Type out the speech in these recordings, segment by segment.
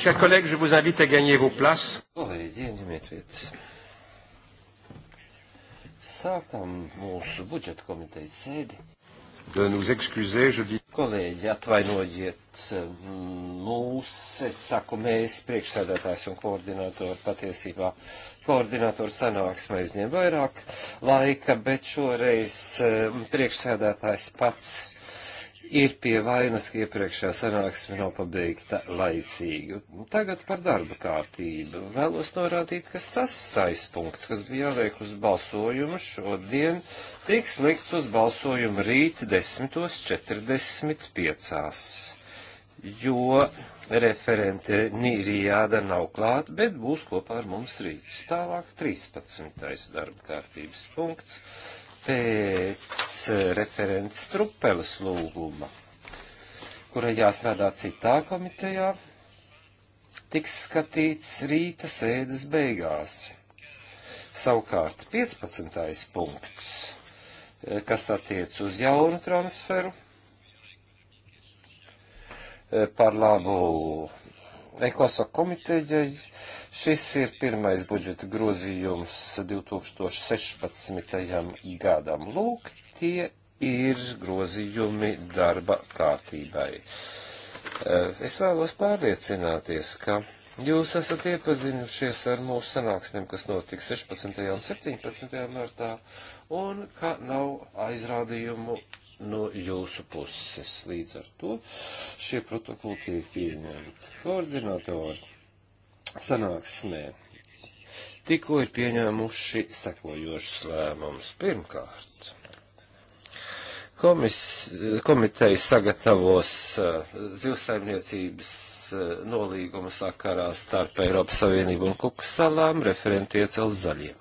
Chers collègues, je vous invite à gagner vos places. Sākam mūsu budžeta komitejas sēdi. De nous excuser, je dis. Kolēģi, atvainojiet mūs, es saku mēs, priekšsēdētājs un koordinātori, patiesībā koordinātori sanāksmē aizņem vairāk laika, bet šoreiz priekšsēdētājs pats ir pie vainas, ka iepriekšējā sanāksme nav pabeigta laicīgi. Tagad par darba kārtību. Vēlos norādīt, ka sastais punkts, kas bija jāliek uz balsojumu šodien, tiks likt uz balsojumu rīt 10.45, jo referente Nīrijāda nav klāt, bet būs kopā ar mums rīt. Tālāk 13. darba kārtības punkts pēc eh, referents Trupeles lūguma, kurai jāstrādā citā komitejā, tiks skatīts rīta sēdes beigās. Savukārt 15. punkts, eh, kas attiec uz jaunu transferu eh, par labu Ekosa komitejai, Šis ir pirmais budžeta grozījums 2016. gadam. Lūk, tie ir grozījumi darba kārtībai. Eh, es vēlos pārliecināties, ka jūs esat iepazinušies ar mūsu sanāksmēm, kas notiks 16. un 17. martā, un ka nav aizrādījumu no jūsu puses. Līdz ar to šie protokoli tiek pieņemti. Koordinatori sanāksmē tikko ir pieņēmuši sekojošus lēmumus. Pirmkārt, komis, komiteja sagatavos uh, zivsaimniecības uh, nolīguma sakarā starp Eiropas Savienību un Kukusalām referenti iecels zaļiem.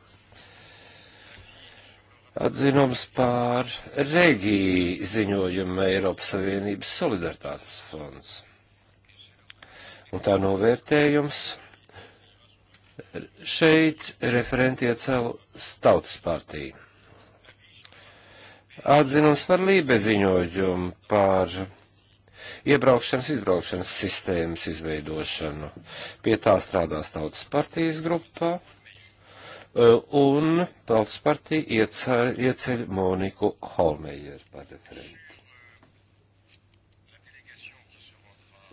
Atzinums pār Regī ziņojumu Eiropas Savienības solidaritātes fonds. Un tā novērtējums. Šeit referenti iecēlu Stautas partiju. Atzinums par lībeziņojumu par iebraukšanas, izbraukšanas sistēmas izveidošanu. Pie tā strādās Tautas partijas grupā, e, un Tautas partija ieceļ, ieceļ Moniku Holmejeru par referentu.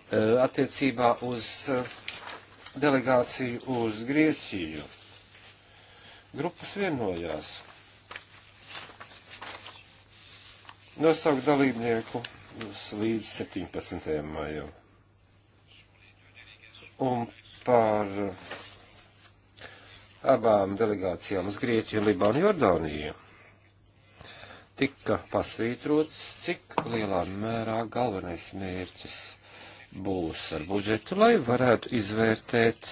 E, attiecībā uz e, delegāciju uz Grieķiju. Grupas vienojās nosaukt dalībnieku līdz 17. maijam. Un par abām delegācijām uz Grieķiju, Libānu, Jordāniju tika pasvītrots, cik lielā mērā galvenais mērķis ir būs ar budžetu, lai varētu izvērtēt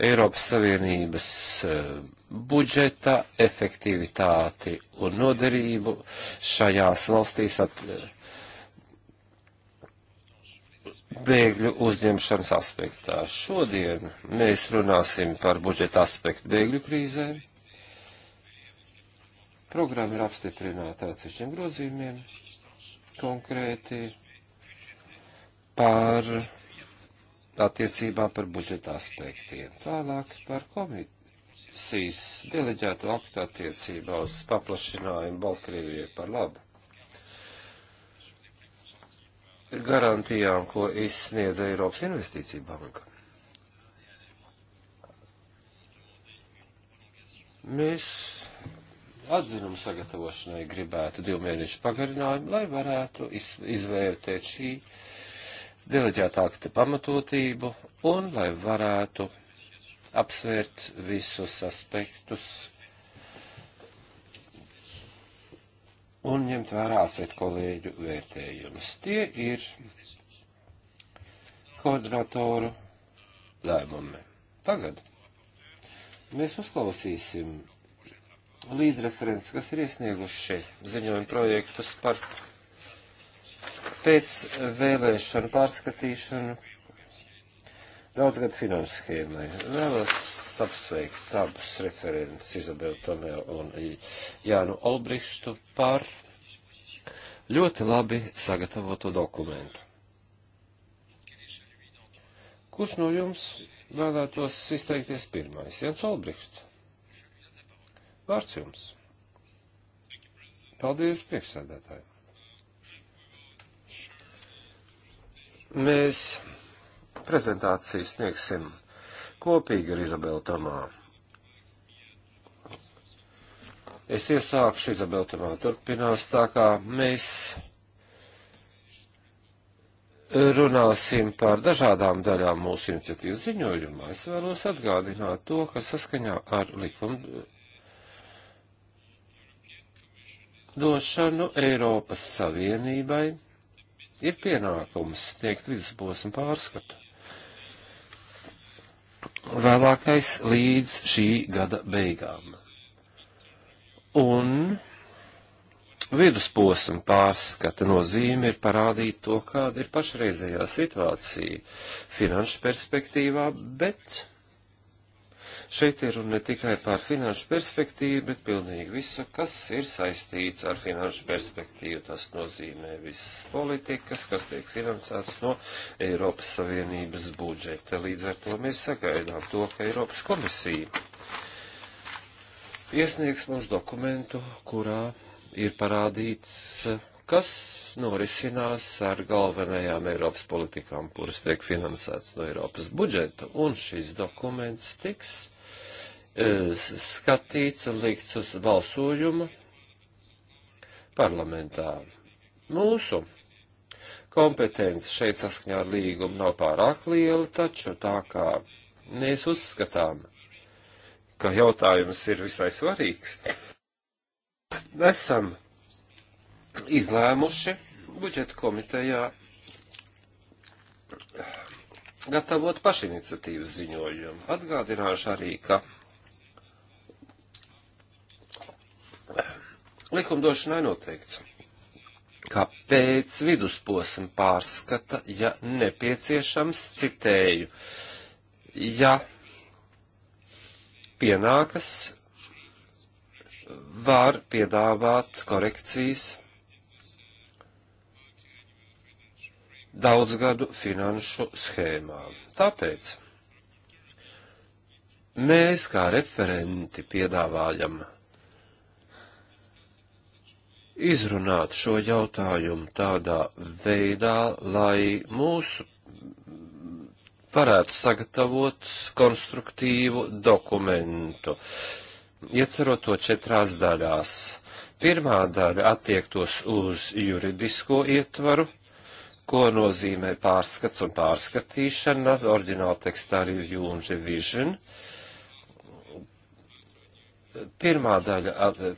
Eiropas Savienības e, budžeta efektivitāti un noderību šajās valstīs at, e, bēgļu uzņemšanas aspektā. Šodien mēs runāsim par budžeta aspektu bēgļu krīzē. Programma ir apstiprināta atsevišķiem grozījumiem konkrēti par attiecībā par budžeta aspektiem. Tālāk par komisijas deleģēto aktu attiecībā uz paplašinājumu Baltkrievijai par labu. Garantijām, ko izsniedz Eiropas investīcija banka. Mēs atzinumu sagatavošanai gribētu divu mēnešu pagarinājumu, lai varētu iz, izvērtēt šī uh, deleģēta akta pamatotību un lai varētu apsvērt visus aspektus un ņemt vērā afet kolēģu vērtējumus. Tie ir koordinatoru lēmumi. Tagad mēs uzklausīsim līdzreferents, kas ir iesnieguši ziņojumu projektus par pēc vēlēšanu pārskatīšanu daudzgad finanšu schēmai. Vēlos apsveikt abus referents Izabelu Tomeo un Jānu Olbrištu par ļoti labi sagatavotu dokumentu. Kurš no jums vēlētos izteikties pirmais? Jans Olbrišts. Vārds jums. Paldies, priekšsēdētāji. Mēs prezentāciju sniegsim kopīgi ar Izabelu Tamā. Es iesākšu, Izabela Tamā turpinās, tā kā mēs runāsim par dažādām daļām mūsu iniciatīvas ziņojumā. Es vēlos atgādināt to, ka saskaņā ar likumu došanu Eiropas Savienībai ir pienākums sniegt vidusposmu pārskatu. Vēlākais līdz šī gada beigām. Un vidusposmu pārskata nozīme ir parādīt to, kāda ir pašreizējā situācija finanšu perspektīvā, bet Šeit ir runa ne tikai par finanšu perspektīvu, bet pilnīgi visu, kas ir saistīts ar finanšu perspektīvu. Tas nozīmē visas politikas, kas tiek finansētas no Eiropas Savienības budžeta. Līdz ar to mēs sagaidām to, ka Eiropas komisija iesniegs mums dokumentu, kurā ir parādīts kas norisinās ar galvenajām Eiropas politikām, kuras tiek finansētas no Eiropas budžeta, un šis dokuments tiks E, skatīts un likts uz balsojumu parlamentā. Mūsu kompetence šeit saskaņā ar līgumu nav pārāk liela, taču tā kā mēs uzskatām, ka jautājums ir visai svarīgs, esam izlēmuši budžeta komitejā gatavot pašiniciatīvas ziņojumu. Atgādināšu arī, ka likumdošanai noteikts. Kāpēc vidusposma pārskata, ja nepieciešams, citēju, ja pienākas, var piedāvāt korekcijas daudzgadu finanšu schēmā. Tāpēc mēs kā referenti piedāvājam izrunāt šo jautājumu tādā veidā, lai mūsu varētu sagatavot konstruktīvu dokumentu, iecerot to četrās daļās. Pirmā daļa attiektos uz juridisko ietvaru, ko nozīmē pārskats un pārskatīšana, oriģināla tekstā arī Revision, pirmā daļa,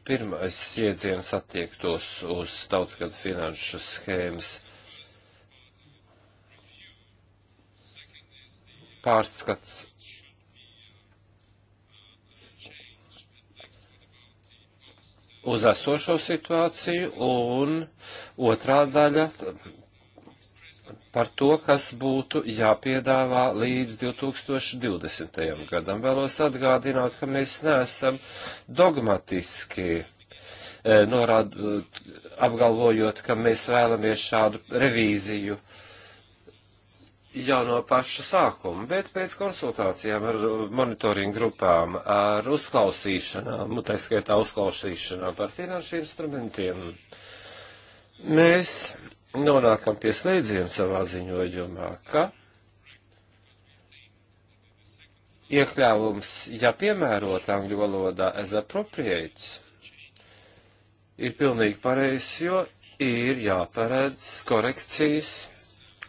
pirmais iedziens attiektos uz daudzgadu finanšu schēmas pārskats. Uz esošo situāciju un otrā daļa par to, kas būtu jāpiedāvā līdz 2020. gadam. Vēlos atgādināt, ka mēs neesam dogmatiski eh, norādot, apgalvojot, ka mēs vēlamies šādu revīziju jau no paša sākuma, bet pēc konsultācijām ar monitoringu grupām, ar uzklausīšanām, tā skaitā uzklausīšanām par finanšu instrumentiem, mēs nonākam pie slēdziena savā ziņojumā, ka iekļāvums, ja piemērot angļu valodā as appropriates, ir pilnīgi pareizs, jo ir jāparedz korekcijas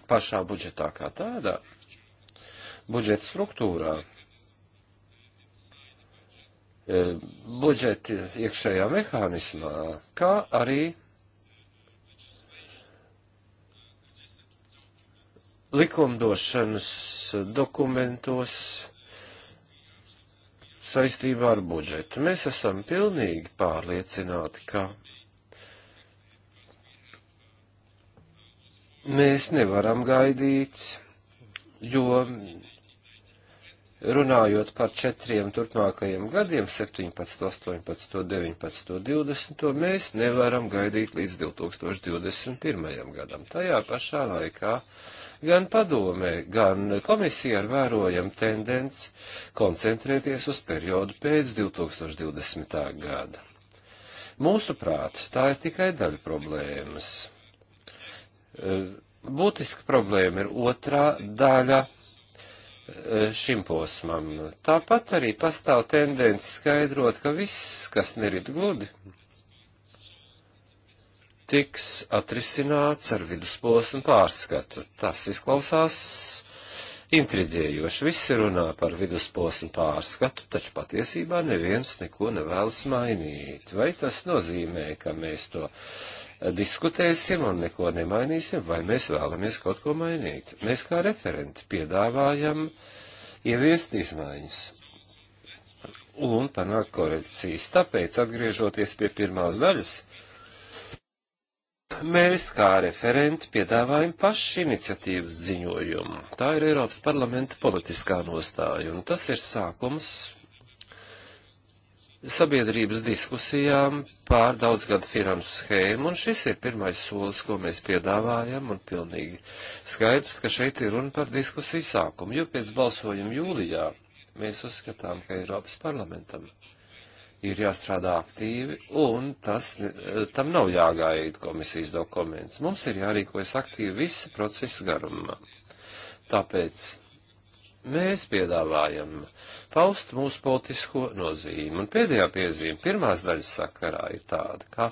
pašā budžetā kā tādā, budžeta struktūrā. E, budžeta iekšējā mehānismā, kā arī likumdošanas dokumentos saistībā ar budžetu. Mēs esam pilnīgi pārliecināti, ka mēs nevaram gaidīt, jo runājot par četriem turpmākajiem gadiem, 17, 18, 19, 20, mēs nevaram gaidīt līdz 2021. gadam. Tajā pašā laikā. Kā Gan padomē, gan komisija ir vērojama tendence koncentrēties uz periodu pēc 2020. gada. Mūsuprāt, tā ir tikai daļa problēmas. E, būtiska problēma ir otrā daļa e, šim posmam. Tāpat arī pastāv tendence skaidrot, ka viss, kas nerit gludi, tiks atrisināts ar vidusposmu pārskatu. Tas izklausās intriģējoši. Visi runā par vidusposmu pārskatu, taču patiesībā neviens neko nevēlas mainīt. Vai tas nozīmē, ka mēs to diskutēsim un neko nemainīsim, vai mēs vēlamies kaut ko mainīt? Mēs kā referenti piedāvājam ieviest izmaiņas un panākt korekcijas. Tāpēc, atgriežoties pie pirmās daļas, mēs kā referenti piedāvājam pašu iniciatīvas ziņojumu. Tā ir Eiropas parlamenta politiskā nostāja, un tas ir sākums sabiedrības diskusijām pār daudzgadu finansu schēmu, un šis ir pirmais solis, ko mēs piedāvājam, un pilnīgi skaidrs, ka šeit ir runa par diskusiju sākumu, jo pēc balsojuma jūlijā mēs uzskatām, ka Eiropas parlamentam ir jāstrādā aktīvi, un tas, eh, tam nav jāgaida komisijas dokuments. Mums ir jārīkojas aktīvi visa procesa garumā. Tāpēc mēs piedāvājam paust mūsu politisko nozīmi. Un pēdējā piezīme pirmās daļas sakarā ir tāda, ka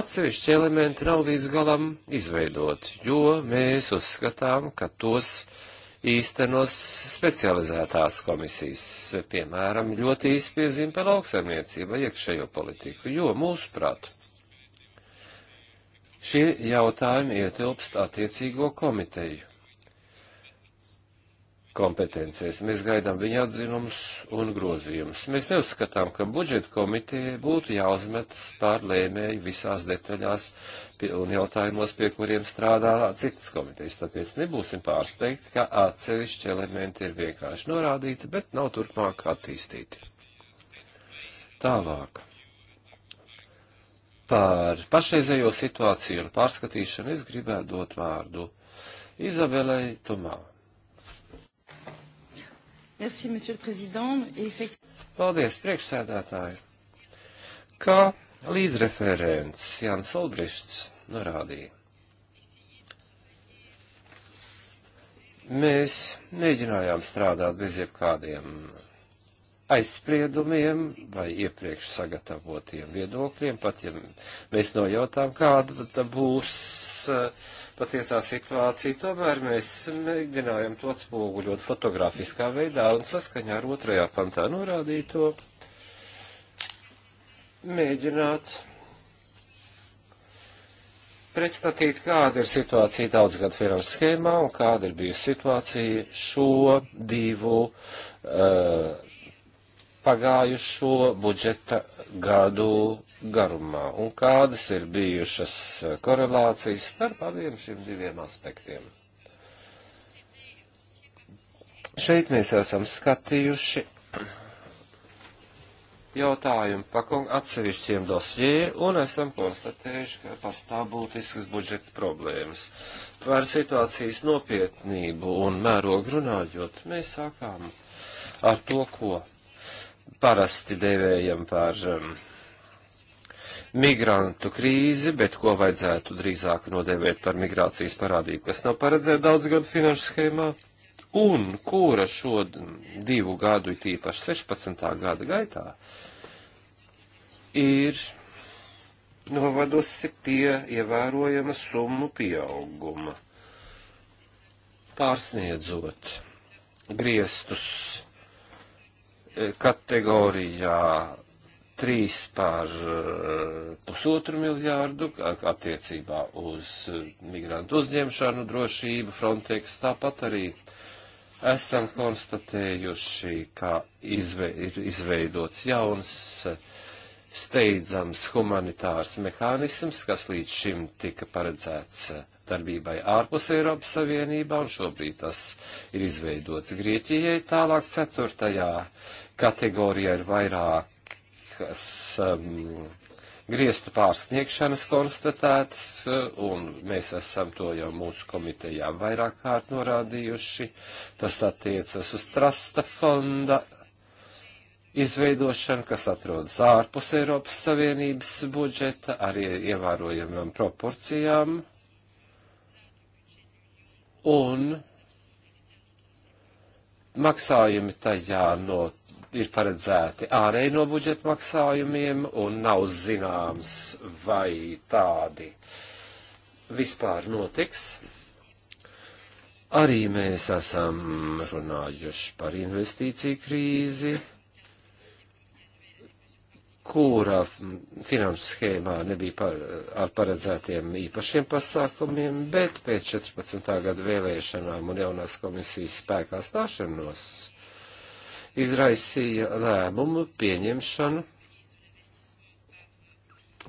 atsevišķi elementi nav līdz galam izveidoti, jo mēs uzskatām, ka tos uh, īstenos specializētās komisijas, piemēram, ļoti īsti piezīme par lauksaimniecību, iekšējo politiku, jo mūsuprāt, šie jautājumi ietilpst attiecīgo komiteju kompetencēs. Mēs gaidām viņa atzinumus un grozījumus. Mēs neuzskatām, ka budžeta komiteja būtu jāuzmetas par lēmēju visās detaļās un jautājumos, pie kuriem strādā citas komitejas. Tāpēc nebūsim pārsteigti, ka atsevišķi elementi ir vienkārši norādīti, bet nav turpmāk attīstīti. Tālāk. Par pašreizējo situāciju un pārskatīšanu es gribētu dot vārdu Izabelei Tomā. Merci, monsieur le président. Effekt... Paldies, priekšsēdētāji. Kā līdzreferents Jānis Olbrišts norādīja. Mēs mēģinājām strādāt bez jebkādiem aizspriedumiem vai iepriekš sagatavotiem viedokļiem, pat ja mēs nojautām, kāda būs uh, patiesā situācija, tomēr mēs mēģinājām to atspoguļot fotografiskā veidā un saskaņā ar otrajā pantā norādīto mēģināt pretstatīt, kāda ir situācija daudzgad finanšu schēmā un kāda ir bijusi situācija šo divu uh, pagājušo budžeta gadu garumā un kādas ir bijušas eh, korelācijas starp abiem šiem diviem aspektiem. Šeit mēs esam skatījuši jautājumu pakung atsevišķiem dosjē un esam konstatējuši, ka pastāv būtiskas budžeta problēmas. Par situācijas nopietnību un mērogu runājot, mēs sākām ar to, ko parasti devējam par um, migrantu krīzi, bet ko vajadzētu drīzāk nodēvēt par migrācijas parādību, kas nav paredzēta daudz gadu finanšu schēmā, un kura šo divu gadu, it īpaši 16. gada gaitā, ir novadusi pie ievērojama summu pieauguma, pārsniedzot griestus e, kategorijā 3 par eh, pusotru miljārdu attiecībā uz eh, migrantu uzņemšanu, drošību, Frontex. Tāpat arī esam konstatējuši, ka izve, ir izveidots jauns eh, steidzams humanitārs mehānisms, kas līdz šim tika paredzēts darbībai ārpus Eiropas Savienībā, un šobrīd tas ir izveidots Grieķijai. Tālāk ceturtajā kategorijā ir vairāk vairākas um, griestu pārsniegšanas konstatētas, uh, un mēs esam to jau mūsu komitejā vairāk kārt norādījuši. Tas attiecas uz trasta fonda izveidošanu, kas atrodas ārpus Eiropas Savienības budžeta ar ievērojamām proporcijām. Un maksājumi tajā no ir paredzēti ārēji no budžeta maksājumiem un nav zināms, vai tādi vispār notiks. Arī mēs esam runājuši par investīciju krīzi, kurā finanšu schēmā nebija par, ar paredzētiem īpašiem pasākumiem, bet pēc 14. gada vēlēšanām un jaunās komisijas spēkā stāšanos izraisīja lēmumu pieņemšanu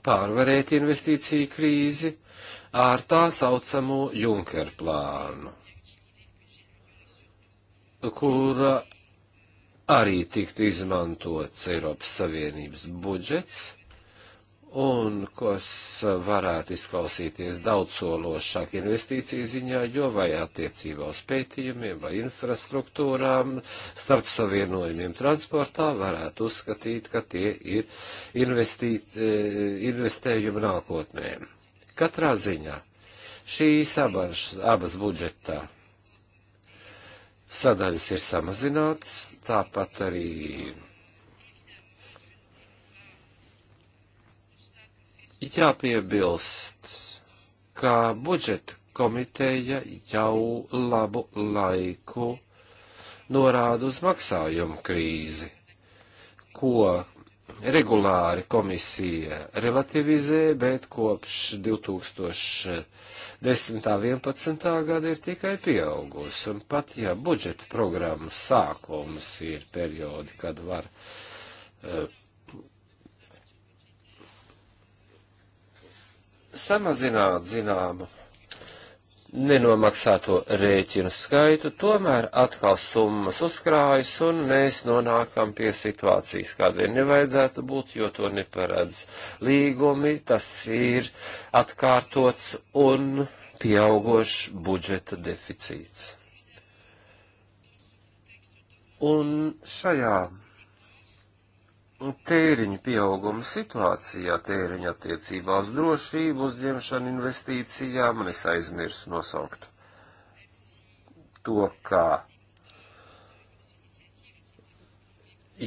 pārvarēt investīciju krīzi ar tā saucamo Junker plānu, kura arī tiktu izmantots Eiropas Savienības budžets un kas varētu izklausīties daudzsološāk investīciju ziņā, jo vai attiecībā uz pētījumiem vai infrastruktūrām, starp savienojumiem transportā varētu uzskatīt, ka tie ir investīt, e, investējumi nākotnē. Katrā ziņā šīs abas, abas budžetā sadaļas ir samazināts, tāpat arī jāpiebilst, ka budžeta komiteja jau labu laiku norāda uz maksājumu krīzi, ko regulāri komisija relativizē, bet kopš 2010. 11. gada ir tikai pieaugusi, un pat ja budžeta programmas sākums ir periodi, kad var uh, samazināt zināmu nenomaksāto rēķinu skaitu, tomēr atkal summas uzkrājas un mēs nonākam pie situācijas, kādai nevajadzētu būt, jo to neparedz līgumi, tas ir atkārtots un pieaugošs budžeta deficīts. Un šajā tēriņu pieauguma situācijā, tēriņa attiecībā uz drošību, uzņemšanu investīcijām, un es aizmirsu nosaukt to, kā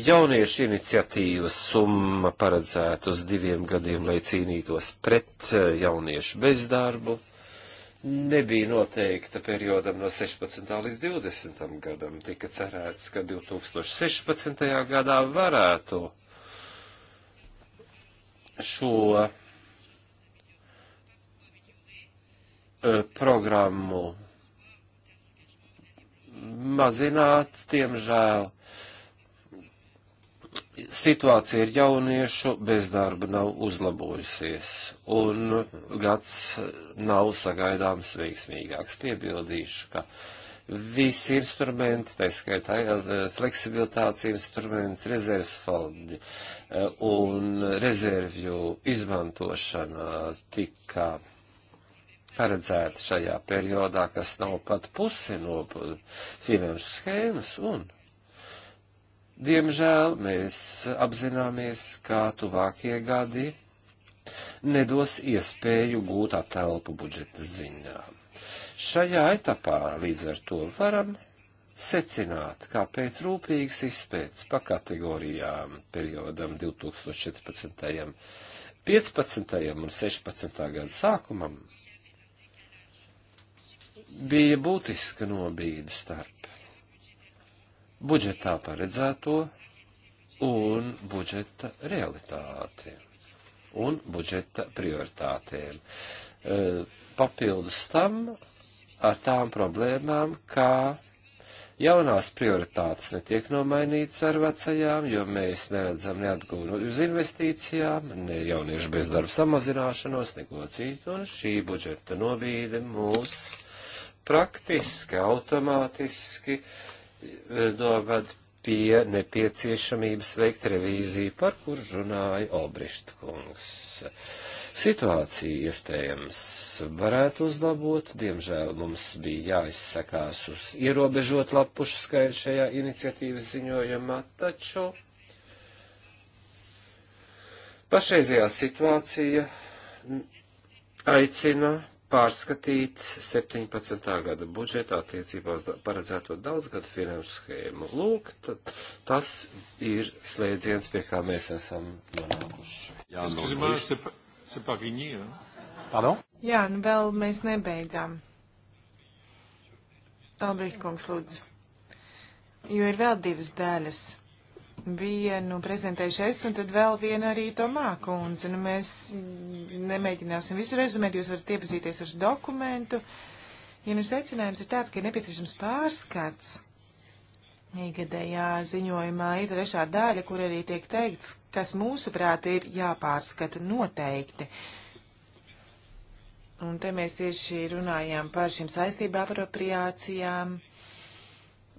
jauniešu iniciatīvas summa paredzēta uz diviem gadiem, lai cīnītos pret jauniešu bezdarbu nebija noteikta periodam no 16. līdz 20. gadam. Tika cerēts, ka 2016. gadā varētu šo eh, programmu mazināt, tiemžēl situācija ir jauniešu bezdarba nav uzlabojusies, un gads nav sagaidāms veiksmīgāks. Piebildīšu, ka visi instrumenti, tā skaitā fleksibilitātes instruments, rezerves fondi e, un rezervju izmantošana tika paredzēta šajā periodā, kas nav pat pusi no finanšu schēmas un Diemžēl mēs apzināmies, ka tuvākie gadi nedos iespēju gūt atelpu budžeta ziņā. Šajā etapā līdz ar to varam secināt, kā pēc rūpīgas izpētes pa kategorijām periodam 2014. 15. un 16. gada sākumam bija būtiska nobīde starp budžetā paredzēto un budžeta realitāti un budžeta prioritātēm. E, papildus tam ar tām problēmām, kā jaunās prioritātes netiek nomainītas ar vecajām, jo mēs neredzam neatgūnu uz investīcijām, ne jauniešu bezdarba samazināšanos, neko citu, un šī budžeta nobīde mūs praktiski, automātiski uh, novad pie nepieciešamības veikt revīziju, par kur runāja Olbrišt kungs. Situācija iespējams varētu uzlabot, diemžēl mums bija jāizsakās uz ierobežot lapušu skaitu šajā iniciatīvas ziņojumā, taču pašreizajā situācija aicina pārskatīt 17. gada budžetā attiecībā uz paredzēto daudzgadu finanšu schēmu. Lūk, tad, tas ir slēdziens, pie kā mēs esam nonākuši. Jā, nu, Jā, nu vēl mēs nebeidzām. Albrīt kungs, lūdzu. Jo ir vēl divas daļas. Vienu prezentēšu es, un tad vēl vienu arī Tomā kundze. Nu, mēs nemēģināsim visu rezumēt, jūs varat iepazīties ar dokumentu. Ja nu secinājums ir tāds, ka ir nepieciešams pārskats, Ikgadējā ziņojumā ir trešā daļa, kur arī tiek teikts, kas mūsuprāt ir jāpārskata noteikti. Un te mēs tieši runājām par šīm saistību apropriācijām. Uh,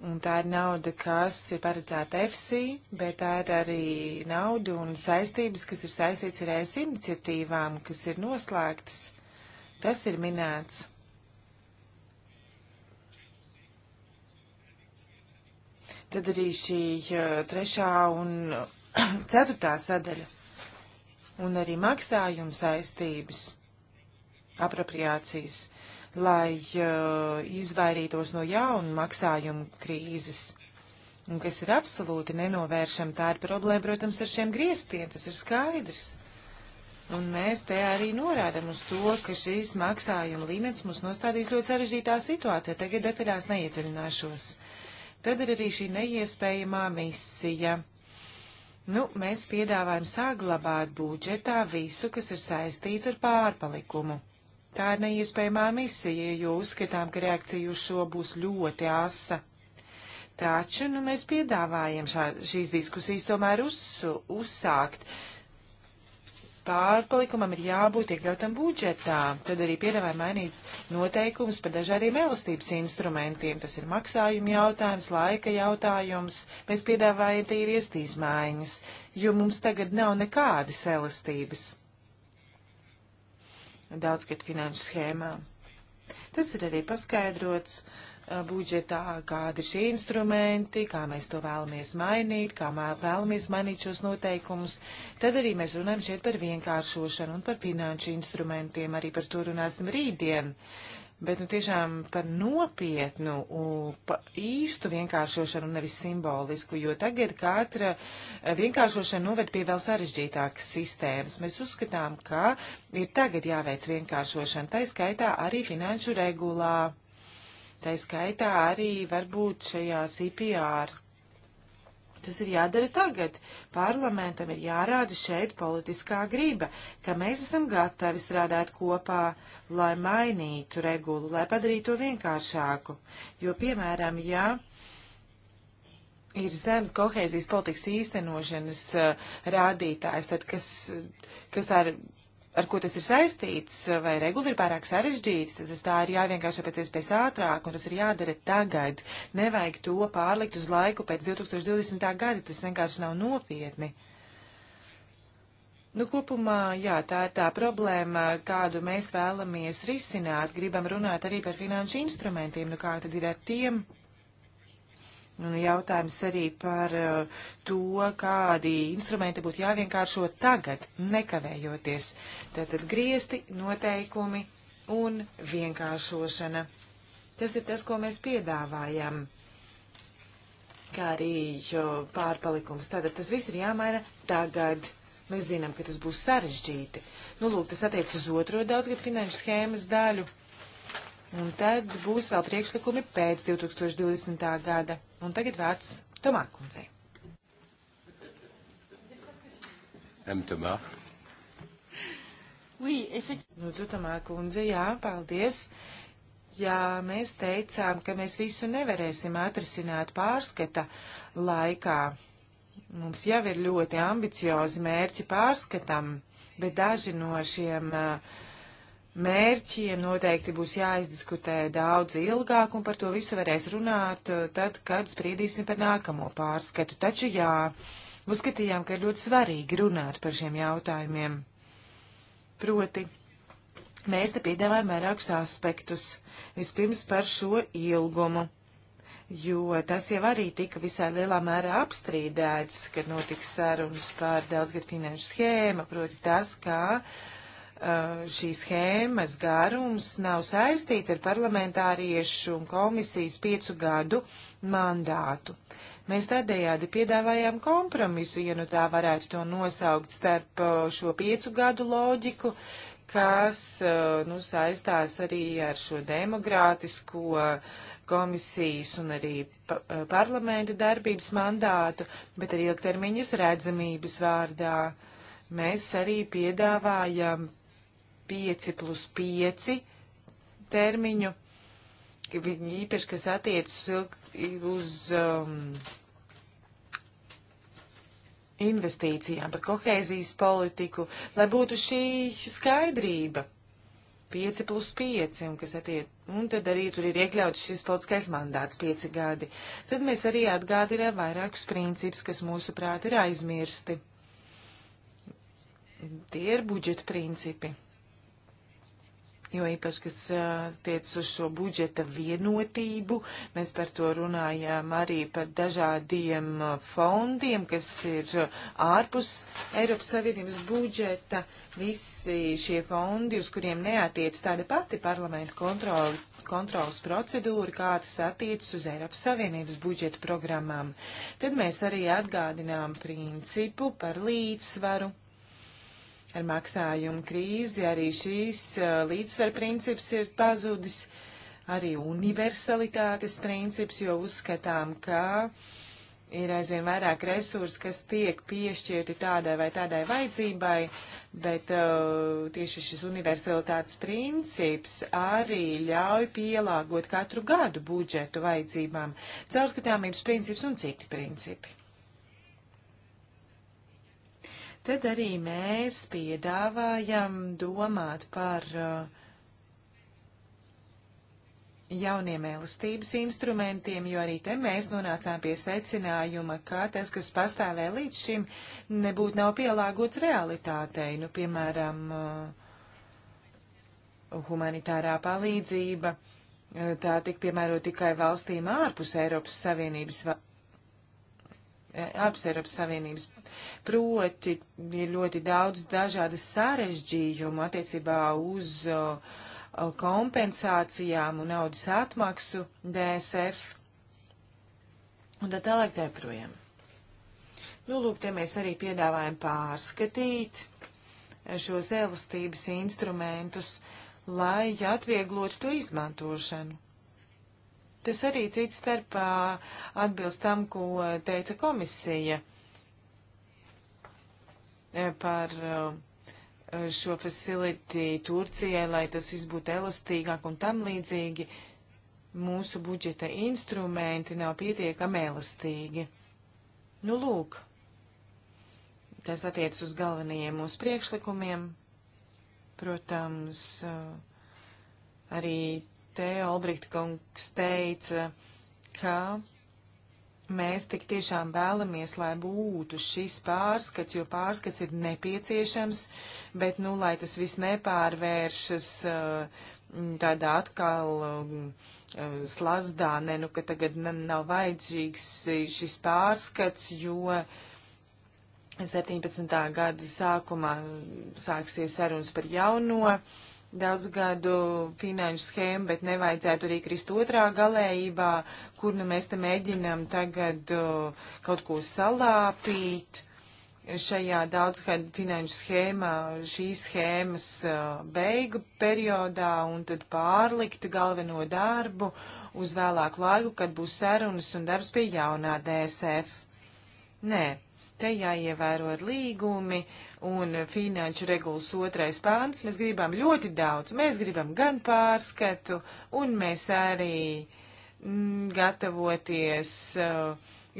Un tā ir nauda, kas ir paredzēta EFSI, bet tā ir arī nauda un saistības, kas ir saistīts ar ES iniciatīvām, kas ir noslēgtas. Tas ir minēts. Tad arī šī uh, trešā un uh, ceturtā sadaļa. Un arī maksājuma saistības, apropriācijas lai uh, izvairītos no jaunu maksājumu krīzes, un kas ir absolūti nenovēršama. Tā ir problēma, protams, ar šiem griestiem, tas ir skaidrs. Un mēs te arī norādam uz to, ka šīs maksājuma līmenis mūs nostādīs ļoti sarežģītā situācijā. Tagad detaļās neiedziļināšos. Tad ir arī šī neiespējamā misija. Nu, mēs piedāvājam saglabāt budžetā visu, kas ir saistīts ar pārpalikumu. Tā ir neiespējamā misija, jo uzskatām, ka reakcija uz šo būs ļoti asa. Taču nu, mēs piedāvājam šā, šīs diskusijas tomēr uz, uzsākt. Pārpalikumam ir jābūt iekļautam budžetā. Tad arī piedāvājam mainīt noteikumus par dažādiem elastības instrumentiem. Tas ir maksājuma jautājums, laika jautājums. Mēs piedāvājam tīri iestīzmaiņas, jo mums tagad nav nekādas elastības daudzgad finanšu schēmām. Tas ir arī paskaidrots budžetā, kādi ir šie instrumenti, kā mēs to vēlamies mainīt, kā vēlamies mainīt šos noteikumus. Tad arī mēs runājam šeit par vienkāršošanu un par finanšu instrumentiem. Arī par to runāsim rītdien. Uh, bet nu, tiešām par nopietnu, pa īstu vienkāršošanu, nevis simbolisku, jo tagad katra e, vienkāršošana noved pie vēl sarežģītākas sistēmas. Mēs uzskatām, ka ir tagad jāveic vienkāršošana, tā skaitā arī finanšu regulā, tā skaitā arī varbūt šajās IPR Tas ir jādara tagad. Parlamentam ir jārāda šeit politiskā grība, ka mēs esam gatavi strādāt kopā, lai mainītu regulu, lai padarītu to vienkāršāku. Jo, piemēram, ja ir zemes kohēzijas politikas īstenošanas uh, rādītājs, tad kas, kas tā ir ar ko tas ir saistīts, vai regula ir pārāk sarežģīta, tad tas tā ir jāvienkārši pēc iespējas ātrāk, un tas ir jādara tagad. Nevajag to pārlikt uz laiku pēc 2020. gada, tas vienkārši nav nopietni. Nu, kopumā, jā, tā ir tā problēma, kādu mēs vēlamies risināt. Gribam runāt arī par finanšu instrumentiem, nu kā tad ir ar tiem? Un jautājums arī par eh, to, kādi instrumenti būtu jāvienkāršo tagad, nekavējoties. Tātad griesti, noteikumi un vienkāršošana. Tas ir tas, ko mēs piedāvājam, kā arī pārpalikums. Tātad tas viss ir jāmaina tagad. Mēs zinām, ka tas būs sarežģīti. Nu, lūk, tas attiec uz otro daudzgad finanšu schēmas daļu. Un tad būs vēl priekšlikumi pēc 2020. gada. Un tagad vārds Tomā kundzei. M. Tomā. Oui, Lūdzu, Tomā kundze, jā, paldies. Jā, mēs teicām, ka mēs visu nevarēsim atrisināt pārskata laikā. Mums jau ir ļoti ambiciozi mērķi pārskatam, bet daži no šiem uh, mērķiem noteikti būs jāizdiskutē daudz ilgāk, un par to visu varēs runāt eh, tad, kad spriedīsim par nākamo pārskatu. Taču jā, uzskatījām, ka ir ļoti svarīgi runāt par šiem jautājumiem. Proti, mēs te piedāvājam vairākus aspektus. Vispirms par šo ilgumu, jo tas jau arī tika visai lielā mērā apstrīdēts, kad notiks sarunas par daudzgad finanšu schēmu, proti tas, kā uh, Eh, šīs schēmas garums nav saistīts ar parlamentāriešu un komisijas piecu gadu mandātu. Mēs tādējādi piedāvājām kompromisu, ja nu tā varētu to nosaukt starp eh, šo piecu gadu loģiku, kas eh, nu, saistās arī ar šo demokrātisko komisijas un arī pa parlamenta darbības mandātu, bet arī ilgtermiņas redzamības vārdā. Mēs arī piedāvājam 5 plus 5 termiņu, īpaši, kas attiecas uz um, investīcijām, par kohēzijas politiku, lai būtu šī skaidrība. 5 plus 5, un, kas attiec, un tad arī tur ir iekļauts šis politiskais mandāts 5 gadi. Tad mēs arī atgādinām vairākus principus, kas mūsuprāt ir aizmirsti. Tie ir budžeta principi jo īpaši, kas attiec uz šo budžeta vienotību, mēs par to runājām arī par dažādiem fondiem, kas ir ārpus Eiropas Savienības budžeta. Visi šie fondi, uz kuriem neatiec tāda pati parlamenta kontrola, kontrolas procedūra, kā tas attiecas uz Eiropas Savienības budžeta programmām. Tad mēs arī atgādinām principu par līdzsvaru ar maksājumu krīzi, arī šīs eh, līdzsver princips ir pazudis, arī universalitātes princips, jo uzskatām, ka ir aizvien vairāk resursu, kas tiek piešķirti tādai vai tādai vajadzībai, bet uh, tieši šis universalitātes princips arī ļauj pielāgot katru gadu budžetu vajadzībām, caurskatāmības princips un citi principi. Tad arī mēs piedāvājam domāt par uh, jauniem elastības instrumentiem, jo arī te mēs nonācām pie secinājuma, ka tas, kas pastāvēja līdz šim, nebūtu nav pielāgots realitātei. Nu, piemēram, uh, humanitārā palīdzība. Uh, tā tik piemēro tikai valstīm ārpus Eiropas Savienības, ārpus Eiropas Savienības Proti ir ļoti daudz dažādas sarežģījumu attiecībā uz kompensācijām un naudas atmaksu DSF un tā tālāk joprojām. Nu, lūk, te mēs arī piedāvājam pārskatīt e, šos elastības instrumentus, lai atvieglotu to izmantošanu. Tas arī cits starpā atbilst tam, ko teica komisija. E, par e, šo facility Turcijai, lai tas viss būtu elastīgāk un tam līdzīgi. Mūsu budžeta instrumenti nav pietiekami elastīgi. Nu, lūk, tas attiec uz galvenajiem mūsu priekšlikumiem. Protams, e, arī te Olbrikta kungs teica, ka Mēs tik tiešām vēlamies, lai būtu šis pārskats, jo pārskats ir nepieciešams, bet, nu, lai tas viss nepārvēršas uh, tādā atkal um, uh, slazdā, ne, nu, ka tagad nav vajadzīgs šis pārskats, jo 17. gada sākumā sāksies sarunas par jauno daudz gadu finanšu schēmu, bet nevajadzētu arī krist otrā galējībā, kur nu mēs te mēģinam tagad kaut ko salāpīt. Šajā daudzgadu finanšu schēmā šīs schēmas beigu periodā un tad pārlikt galveno darbu uz vēlāku laiku, kad būs sarunas un darbs pie jaunā DSF. Nē, Te jāievēro līgumi un finanšu regulas otrais pāns. Mēs gribam ļoti daudz. Mēs gribam gan pārskatu, un mēs arī mm, gatavoties uh,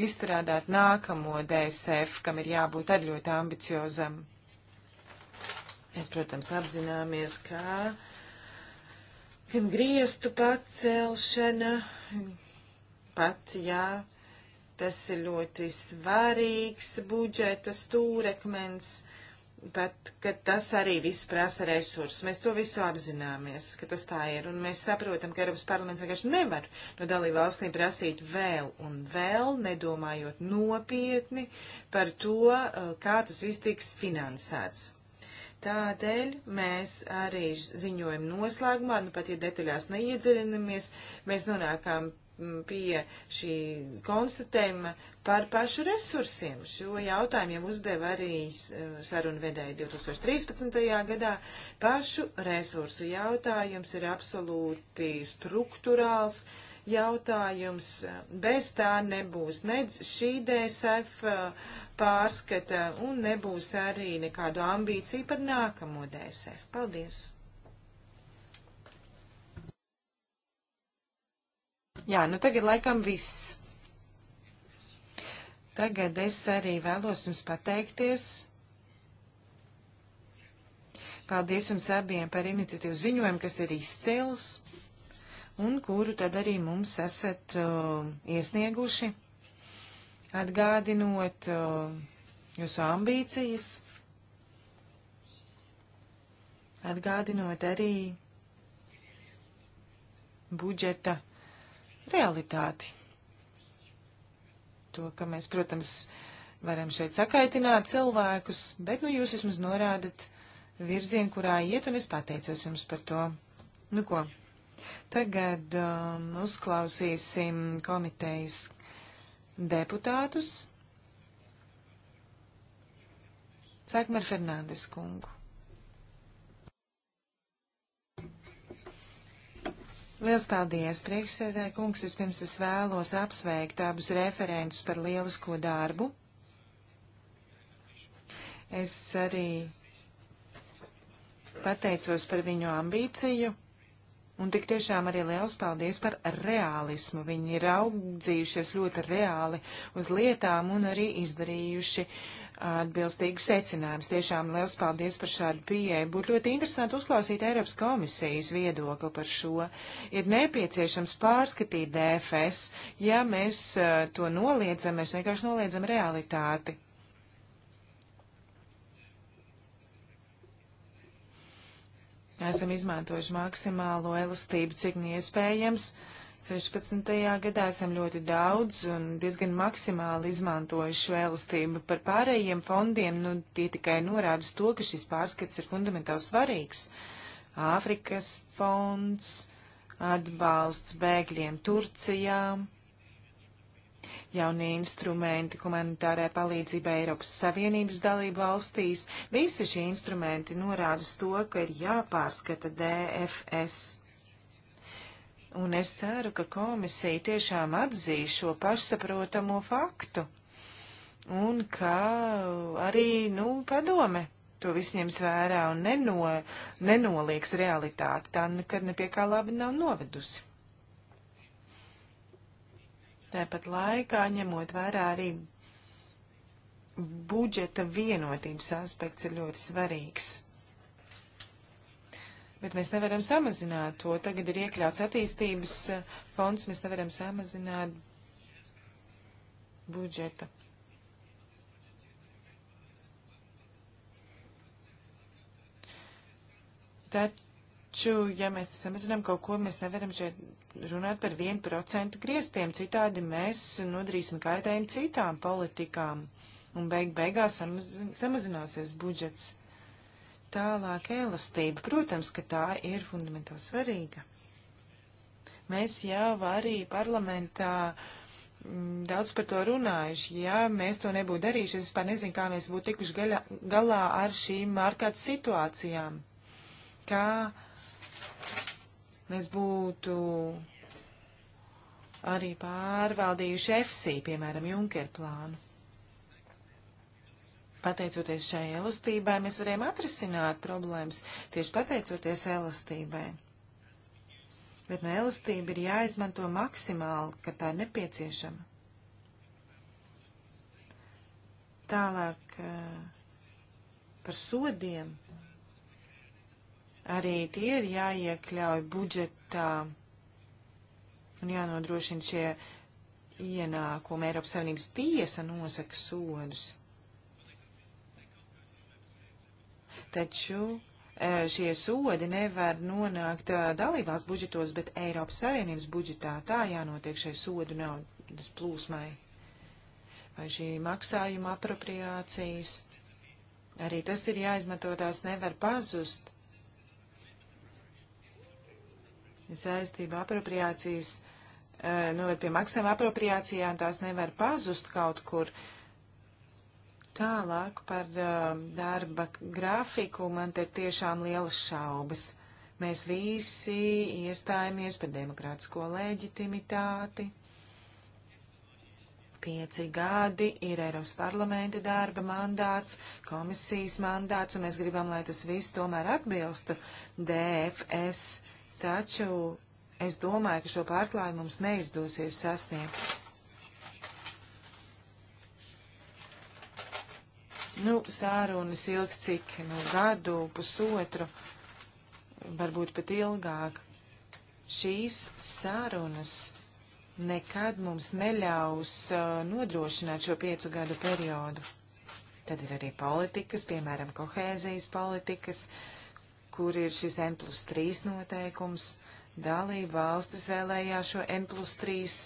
izstrādāt nākamo DSF, kam ir jābūt arī ļoti ambiciozam. Mēs, protams, apzināmies, ka gan griestu pacelšana, pats jā. Ja, Tas ir ļoti svarīgs budžeta stūrekmens, bet ka tas arī viss prasa resursus. Mēs to visu apzināmies, ka tas tā ir, un mēs saprotam, ka Eiropas parlaments vienkārši nevar no dalību valstīm prasīt vēl un vēl, nedomājot nopietni par to, eh, kā tas viss tiks finansēts. Tādēļ mēs arī ziņojam noslēgumā, nu pat ja detaļās neiedziļinamies, mēs nonākām pie šī konstatējuma par pašu resursiem. Šo jautājumu jau uzdeva arī eh, sarunu vedēja 2013. gadā. Pašu resursu jautājums ir absolūti struktūrāls jautājums. Bez tā nebūs nec šī DSF eh, pārskata un nebūs arī nekādu ambīciju par nākamo DSF. Paldies! Jā, nu tagad laikam viss. Tagad es arī vēlos jums pateikties. Paldies jums abiem par iniciatīvu ziņojumu, kas ir izcils un kuru tad arī mums esat uh, iesnieguši, atgādinot uh, jūsu ambīcijas, atgādinot arī budžeta realitāti. To, ka mēs, protams, varam šeit sakaitināt cilvēkus, bet nu jūs vismaz norādat virzienu, kurā iet, un es pateicos jums par to. Nu ko, tagad um, uzklausīsim komitejas deputātus. Sākam ar Fernandes kungu. Liels paldies, priekšsēdē kungs. Vispirms es vēlos apsveikt abus referentus par lielisko darbu. Es arī pateicos par viņu ambīciju. Un tik tiešām arī liels paldies par realismu. Viņi ir audzījušies ļoti reāli uz lietām un arī izdarījuši uh, atbilstīgu secinājumus. Tiešām liels paldies par šādu pieeju. Būtu ļoti interesanti uzklausīt Eiropas komisijas viedokli par šo. Ir nepieciešams pārskatīt DFS. Ja mēs to noliedzam, mēs vienkārši noliedzam realitāti. Esam izmantojuši maksimālo elastību, cik iespējams. Uh, 16. gadā esam ļoti daudz un diezgan maksimāli izmantojuši vēlastību par pārējiem fondiem, nu tie tikai norāda uz to, ka šis pārskats ir fundamentāli svarīgs. Āfrikas fonds, atbalsts bēgļiem Turcijā, jaunie instrumenti humanitārai palīdzībai Eiropas Savienības dalību valstīs. Visi šie instrumenti norāda uz to, ka ir jāpārskata DFS Un es ceru, ka komisija tiešām atzīs šo pašsaprotamo faktu. Un ka arī, nu, padome to visu ņems vērā un neno, nenolieks realitāti. Tā nekad ne pie kā labi nav novedusi. Tāpat laikā ņemot vērā arī budžeta vienotības aspekts ir ļoti svarīgs. Bet mēs nevaram samazināt to. Tagad ir iekļauts attīstības eh, fonds, mēs nevaram samazināt budžeta. Taču, ja mēs samazinām kaut ko, mēs nevaram šeit runāt par 1% griestiem, citādi mēs nodarīsim kaitējumu citām politikām, un beig beigās samazināsies budžets. Tālāk elastība. Protams, ka tā ir fundamentāli svarīga. Mēs jau arī parlamentā m, mm, daudz par to runājuši. Ja mēs to nebūtu darījuši, es vispār nezinu, kā mēs būtu tikuši gaļa, galā ar šīm ārkārtas situācijām. Kā mēs būtu arī pārvaldījuši FC, piemēram, Junker plānu. Pateicoties šai elastībai, mēs varējām atrisināt problēmas tieši pateicoties elastībai. Bet no elastība ir jāizmanto maksimāli, kad tā ir nepieciešama. Tālāk eh, par sodiem. Arī tie ir jāiekļauj budžetā un jānodrošina šie ienākumi. Eiropas Savienības tiesa nosaka sodus. taču e, šie sodi nevar nonākt e, dalībās budžetos, bet Eiropas Savienības budžetā tā jānotiek šai sodu naudas plūsmai. Vai šī maksājuma apropriācijas, arī tas ir jāizmanto, tās nevar pazust. Saistība apropriācijas e, noved nu, pie maksājuma apropriācijām, tās nevar pazust kaut kur. Uh, Tālāk par uh, darba grafiku man te tiešām lielas šaubas. Mēs visi iestājamies par demokrātisko leģitimitāti. Pieci gadi ir Eiropas parlamenta darba mandāts, komisijas mandāts, un mēs gribam, lai tas viss tomēr atbilstu DFS. Taču es domāju, ka šo pārklājumu mums neizdosies sasniegt. Nu, sārunas ilgs cik, nu, gadu, pusotru, varbūt pat ilgāk. Šīs sārunas nekad mums neļaus nodrošināt šo piecu gadu periodu. Tad ir arī politikas, piemēram, kohēzijas politikas, kur ir šis N plus 3 noteikums. Dalība valstis vēlējās šo N plus 3.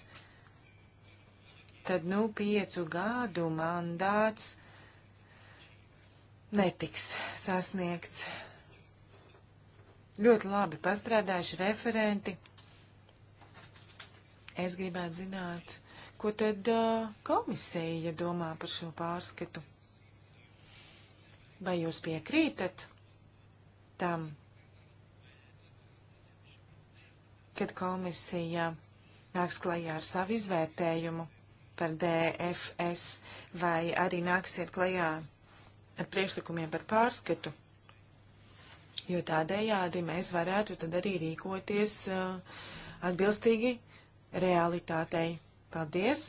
Tad, nu, piecu gadu mandāts netiks sasniegts. Ļoti labi pastrādājuši referenti. Es gribētu zināt, ko tad uh, komisija domā par šo pārskatu. Vai jūs piekrītat tam, kad komisija nāks klajā ar savu izvērtējumu par DFS, vai arī nāksiet klajā ar priekšlikumiem par pārskatu, jo tādējādi mēs varētu tad arī rīkoties uh, atbilstīgi realitātei. Paldies!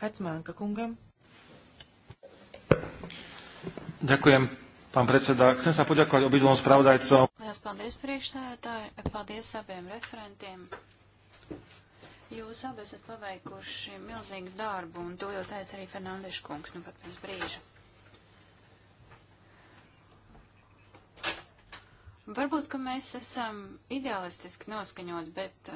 Vecmānka kungam. Ďakujem, pán predseda. Chcem sa poďakovať obidvom spravodajcom. Lielas paldies priekšsēdētāji, paldies abiem referentiem. Jūs abi esat paveikuši milzīgu darbu, un to jau teica arī Fernandeša kungs, nu pat pirms brīža. Varbūt, ka mēs esam idealistiski noskaņot, bet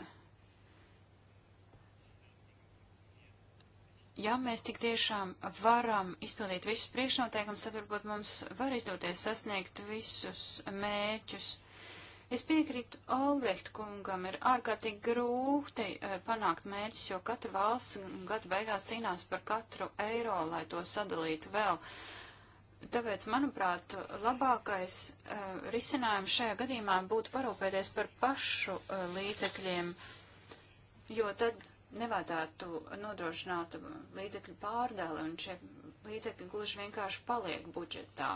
ja mēs tik tiešām varam izpildīt visus priekšnoteikumus, tad varbūt mums var izdoties sasniegt visus mēķus. Uh, Es piekrītu Albrecht kungam, ir ārkārtīgi grūti e, panākt mērķis, jo katra valsts gadu beigās cīnās par katru eiro, lai to sadalītu vēl. Tāpēc, manuprāt, labākais uh, risinājums šajā gadījumā būtu parūpēties par pašu uh, līdzekļiem, jo tad nevajadzētu nodrošināt līdzekļu pārdēli, un šie līdzekļi gluži vienkārši paliek budžetā.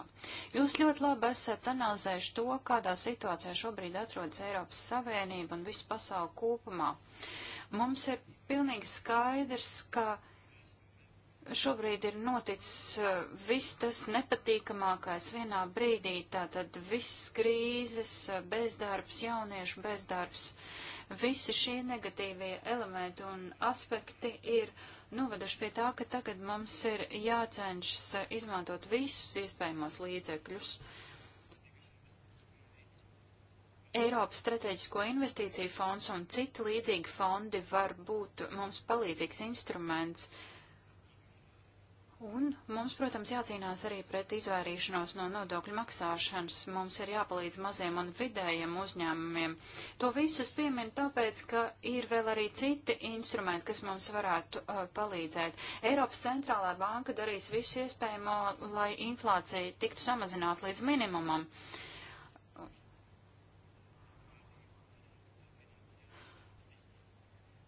Jūs ļoti labi esat analizējuši to, kādā situācijā šobrīd atrodas Eiropas Savienība un visu pasauli kopumā. Mums ir pilnīgi skaidrs, ka šobrīd ir noticis eh, viss tas nepatīkamākais vienā brīdī, tātad viss krīzes, eh, bezdarbs, jauniešu bezdarbs, visi šie negatīvie elementi un aspekti ir noveduši pie tā, ka tagad mums ir jācenšas izmantot visus iespējamos līdzekļus. Eiropas strateģisko investīciju fonds un citi līdzīgi fondi var būt mums palīdzīgs instruments uh, Un mums, protams, jācīnās arī pret izvairīšanos no nodokļu maksāšanas. Mums ir jāpalīdz maziem un vidējiem uzņēmumiem. To visu es pieminu tāpēc, ka ir vēl arī citi instrumenti, kas mums varētu uh, palīdzēt. Eiropas centrālā banka darīs visu iespējamo, lai inflācija tiktu samazināta līdz minimumam. Uh,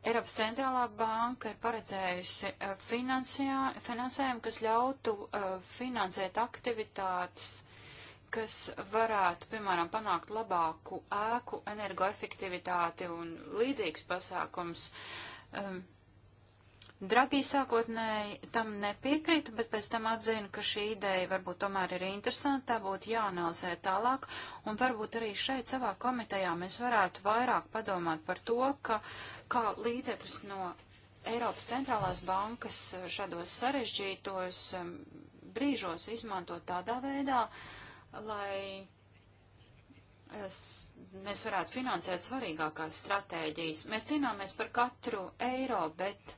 Eiropas centrālā banka ir paredzējusi eh, finansējumu, kas ļautu eh, finansēt aktivitātes, kas varētu, piemēram, panākt labāku ēku energoefektivitāti un līdzīgs pasākums. Um, Dragī sākotnēji tam nepiekrita, bet pēc tam atzina, ka šī ideja varbūt tomēr ir interesanta, tā būtu jāanalizē tālāk, un varbūt arī šeit savā komitejā mēs varētu vairāk padomāt par to, ka kā līdzekļus no Eiropas centrālās bankas eh, šādos sarežģītos brīžos izmantot tādā veidā, lai es, eh, mēs varētu finansēt svarīgākās stratēģijas. Mēs cīnāmies par katru eiro, bet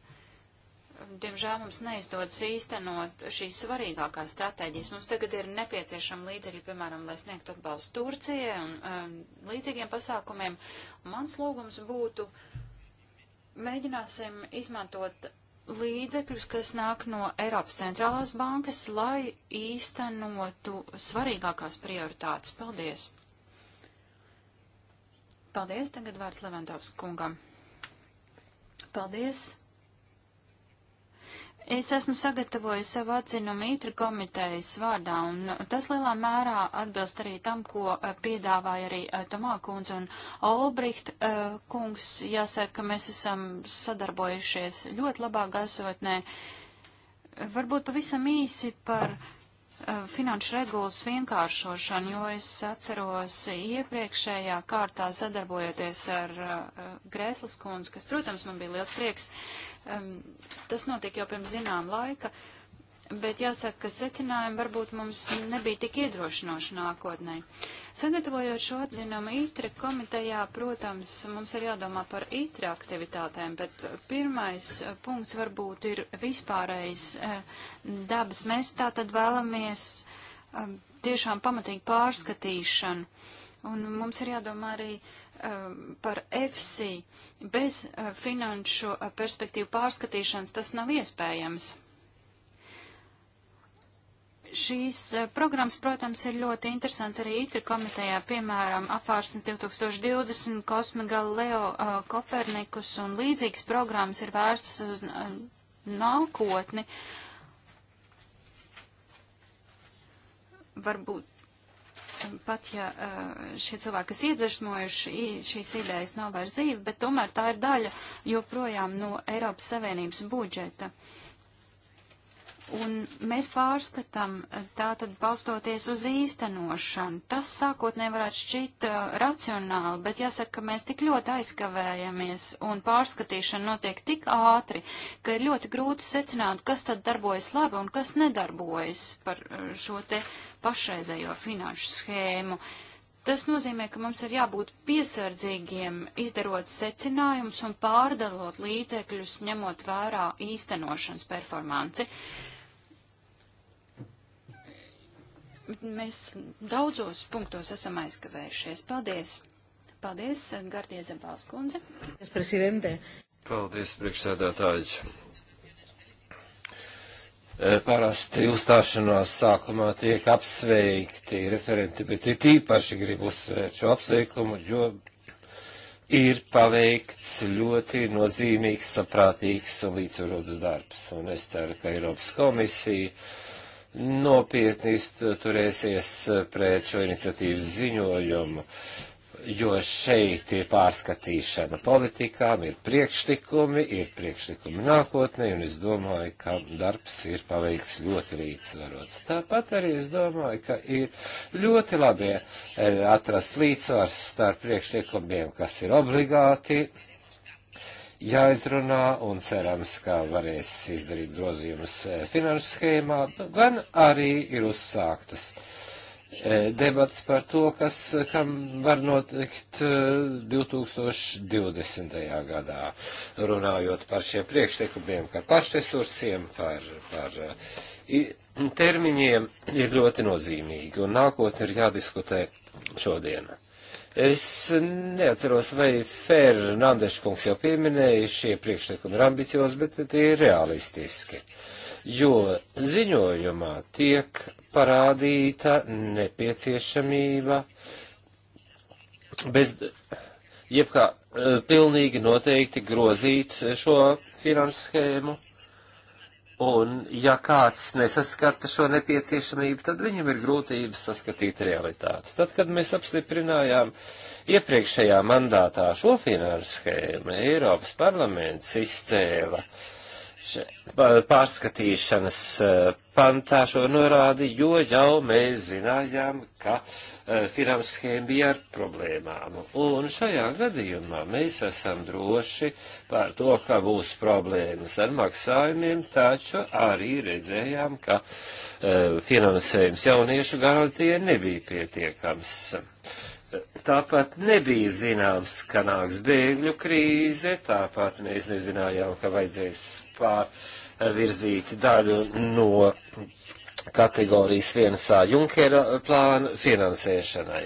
diemžēl mums neizdodas īstenot šīs svarīgākās stratēģijas. Mums tagad ir nepieciešama līdzekļi, piemēram, lai sniegtu atbalstu Turcijai un um, līdzīgiem pasākumiem. Mans lūgums būtu, mēģināsim izmantot līdzekļus, kas nāk no Eiropas centrālās bankas, lai īstenotu svarīgākās prioritātes. Paldies! Paldies, tagad vārds Levandovs kungam. Paldies! Es esmu sagatavojis savu atzinumu ītri komitejas vārdā, un nu, tas lielā mērā atbilst arī tam, ko eh, piedāvāja arī eh, Tomā kundze un Olbricht eh, kungs. Jāsaka, ka mēs esam sadarbojušies ļoti labā gaisotnē. Varbūt pavisam īsi par finanšu regulas vienkāršošanu, jo es atceros iepriekšējā kārtā sadarbojoties ar Grēslas kundzi, kas, protams, man bija liels prieks Tas notika jau pirms zinām laika, bet jāsaka, ka secinājumi varbūt mums nebija tik iedrošinoši nākotnē. Sagatavojot šo atzinumu ITRE komitejā, protams, mums ir jādomā par ITRE aktivitātēm, bet pirmais eh, punkts varbūt ir vispārējais eh, dabas. Mēs tā tad vēlamies tiešām pamatīgi pārskatīšanu. Un mums ir jādomā arī Um, par EFSI bez uh, finanšu uh, perspektīvu pārskatīšanas tas nav iespējams. Šīs uh, programmas, protams, ir ļoti interesants arī ITRI komitejā, piemēram, apvārsnes 2020, Kosme Galileo, Kopernikus un līdzīgas programmas ir vērstas uz nākotni. Varbūt pat ja šie cilvēki, kas iedvesmojuši šīs idejas, nav vairs dzīvi, bet tomēr tā ir daļa joprojām no Eiropas Savienības budžeta. Uh, Un mēs pārskatām eh, tātad balstoties uz īstenošanu. Tas sākotnēji varētu šķīt uh, eh, racionāli, bet jāsaka, ka mēs tik ļoti aizkavējamies un pārskatīšana notiek tik ātri, ka ir ļoti grūti secināt, kas tad darbojas labi un kas nedarbojas par eh, šo te pašreizējo finanšu schēmu. Tas nozīmē, ka mums ir jābūt piesardzīgiem, izdarot secinājumus un pārdalot līdzekļus, ņemot vērā īstenošanas performanci. Uh, mēs daudzos punktos esam aizkavējušies. Paldies! Paldies, Gardie Zabals kundze. Paldies, priekšsēdētāji. E, parasti uzstāšanās sākumā tiek apsveikti referenti, bet ir tīpaši gribu uzsvērt šo apsveikumu, jo ir paveikts ļoti nozīmīgs, saprātīgs un līdzsvarots darbs. Un es ceru, ka Eiropas komisija nopietni turēsies pret šo iniciatīvas ziņojumu, jo šeit ir pārskatīšana politikām, ir priekšlikumi, ir priekšlikumi nākotnē, un es domāju, ka darbs ir paveikts ļoti līdzsvarots. Tāpat arī es domāju, ka ir ļoti labi eh, atrast līdzsvars starp priekšlikumiem, kas ir obligāti jāizrunā un cerams, ka varēs izdarīt grozījumus eh, finanšu schēmā, gan arī ir uzsāktas eh, debats par to, kas, kam var notikt 2020. Eh, gadā, runājot par šiem priekšlikumiem, par pašresursiem, par, par termiņiem, ir ļoti nozīmīgi, un nākotni ir jādiskutē šodien. Es neatceros, vai Fernandeškungs jau pieminēja, šie priekšlikumi ir ambiciozi, bet tie ir realistiski, jo ziņojumā tiek parādīta nepieciešamība bez jebkā eh, pilnīgi noteikti grozīt šo finanšu schēmu Un, ja kāds nesaskata šo nepieciešamību, tad viņam ir grūtības saskatīt realitātes. Tad, kad mēs apstiprinājām iepriekšējā mandātā šo finanšu schēmu, Eiropas parlaments izcēla uh, pārskatīšanas e, pantā šo norādi, jo jau mēs zinājām, ka e, finanskēm bija ar problēmām. Un šajā gadījumā mēs esam droši par to, ka būs problēmas ar maksājumiem, taču arī redzējām, ka e, finansējums jauniešu garantija nebija pietiekams. Uh, Tāpat nebija zināms, ka nāks bēgļu krīze, tāpat mēs nezinājām, ka vajadzēs pārvirzīt daļu no kategorijas 1A Junkera plāna finansēšanai.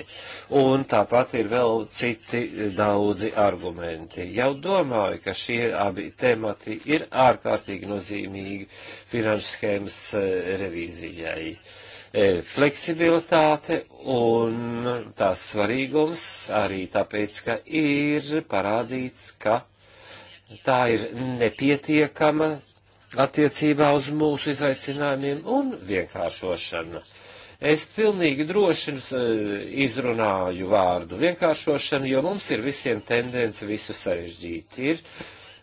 Un tāpat ir vēl citi daudzi argumenti. Jau domāju, ka šie abi temati ir ārkārtīgi nozīmīgi finanšu schēmas eh, revīzijai. Uh, E, fleksibilitāte un tās svarīgums arī tāpēc, ka ir parādīts, ka tā ir nepietiekama attiecībā uz mūsu izaicinājumiem un vienkāršošana. Es pilnīgi droši e, izrunāju vārdu vienkāršošanu, jo mums ir visiem tendence visu sarežģīt.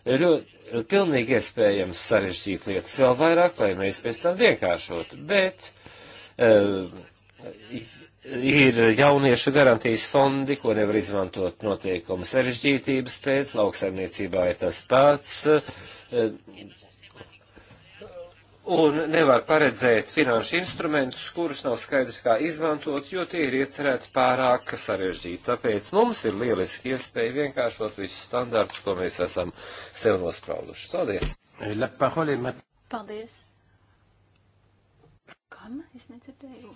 Ir ļoti pilnīgi iespējams sarežģīt lietas vēl vairāk, lai mēs pēc tam vienkāršotu, bet uh, Eh, ir jauniešu garantijas fondi, ko nevar izmantot noteikumu sarežģītības pēc, lauksaimniecībā ir tas pats, eh, un nevar paredzēt finanšu instrumentus, kurus nav skaidrs, kā izmantot, jo tie ir iecerēti pārāk sarežģīti. Tāpēc mums ir lieliski iespēja vienkāršot visus standartus, ko mēs esam sev nosprauduši. Paldies! Paldies! Kam? Es nedzirdēju.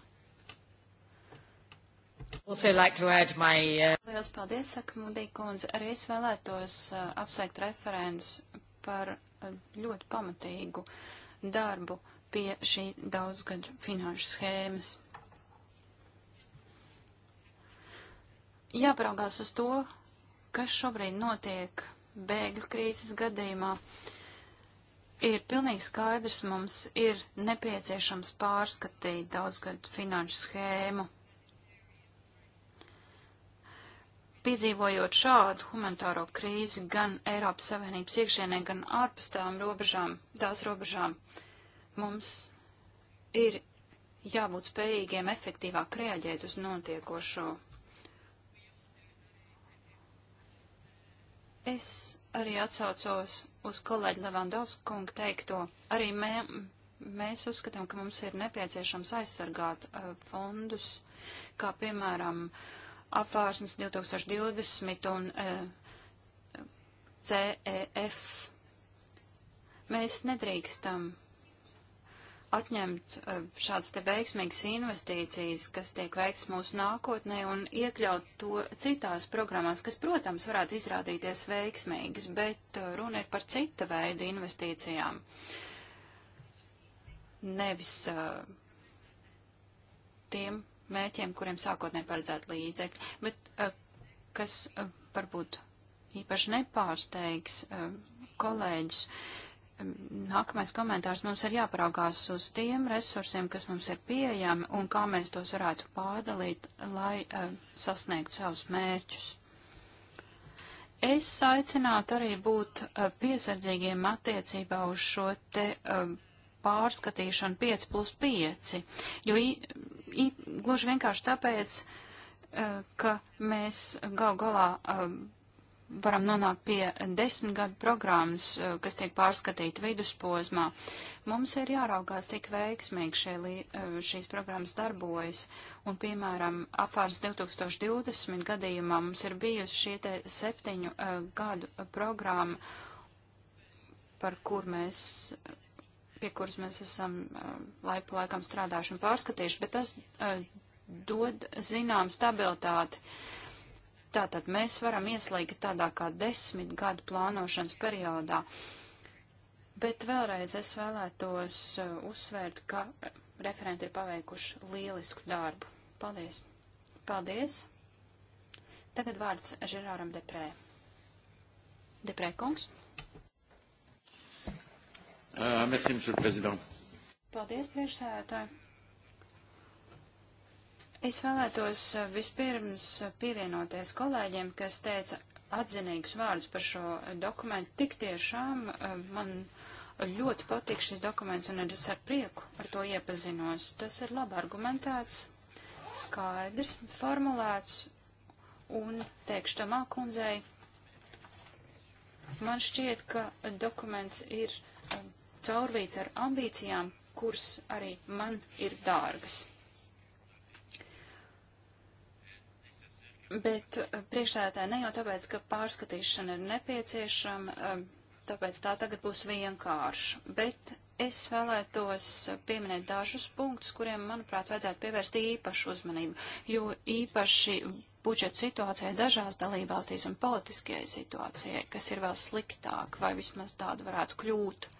Also like to add my, uh... Lielas paldies, saka Mudī kundze. Arī es vēlētos uh, apsveikt referents par uh, ļoti pamatīgu darbu pie šī daudzgadu finanšu schēmas. Jāparaugās uz to, kas šobrīd notiek bēgļu krīzes gadījumā. Uh, ir pilnīgi skaidrs, mums ir nepieciešams pārskatīt daudzgadu finanšu schēmu. Piedzīvojot šādu humanitāro krīzi gan Eiropas Savienības iekšienē, gan ārpus tām robežām, tās robežām, mums ir jābūt spējīgiem efektīvāk reaģēt uz notiekošo. Es arī atsaucos uz kolēģi Levandovsku kungu teikto. Arī mē, mēs uzskatām, ka mums ir nepieciešams aizsargāt uh, fondus, kā piemēram apvārsnes 2020 un uh, CEF. E mēs nedrīkstam atņemt eh, šādas te veiksmīgas investīcijas, kas tiek veikts mūsu nākotnē, un iekļaut to citās programmās, kas, protams, varētu izrādīties veiksmīgas, bet eh, runa ir par cita veida investīcijām. Nevis uh, tiem mēķiem, kuriem sākotnē paredzēt līdzekļi, bet uh, kas uh, varbūt īpaši nepārsteigs kolēģis. Uh, nākamais komentārs mums ir jāparaugās uz tiem resursiem, kas mums ir pieejami un kā mēs tos varētu pārdalīt, lai uh, sasniegtu savus mērķus. Es aicinātu arī būt uh, piesardzīgiem attiecībā uz šo te uh, pārskatīšanu 5 plus 5, jo i, i, gluži vienkārši tāpēc, ka mēs gal galā varam nonākt pie desmitgadu programmas, eh, kas tiek pārskatīta vidusposmā. Mums ir jāraugās, cik veiksmīgi šie, eh, šīs programmas darbojas, un, piemēram, apvārs 2020 gadījumā mums ir bijusi šie te septiņu eh, gadu programma, par kur mēs pie kuras mēs esam laiku pa laikam strādājuši un pārskatījuši, bet tas dod zinām stabilitāti. Uh, Tātad mēs varam ieslīgt tādā kā desmit gadu plānošanas periodā. Bet vēlreiz es vēlētos uh, uzsvērt, ka referenti ir paveikuši lielisku darbu. Paldies! Paldies! Tagad vārds Žerāram Deprē. Deprē kungs. Uh, merci, Paldies, priekšsēdētāji! Es vēlētos eh, vispirms eh, pievienoties kolēģiem, kas teica atzinīgus vārdus par šo dokumentu. Tik tiešām eh, man ļoti patīk šis dokuments un es ar prieku ar to iepazinos. Tas ir labi argumentēts, skaidri formulēts un teikšu tamā kundzei. Man šķiet, ka dokuments ir caurvīts ar ambīcijām, kuras arī man ir dārgas. Bet eh, priekšsēdētāji ne jau tāpēc, ka pārskatīšana ir nepieciešama, eh, tāpēc tā tagad būs vienkārša. Bet es vēlētos pieminēt dažus punktus, kuriem, manuprāt, vajadzētu pievērst īpašu uzmanību, jo īpaši budžeta situācijai dažās dalībvalstīs un politiskajai situācijai, kas ir vēl sliktāk, vai vismaz tāda varētu kļūt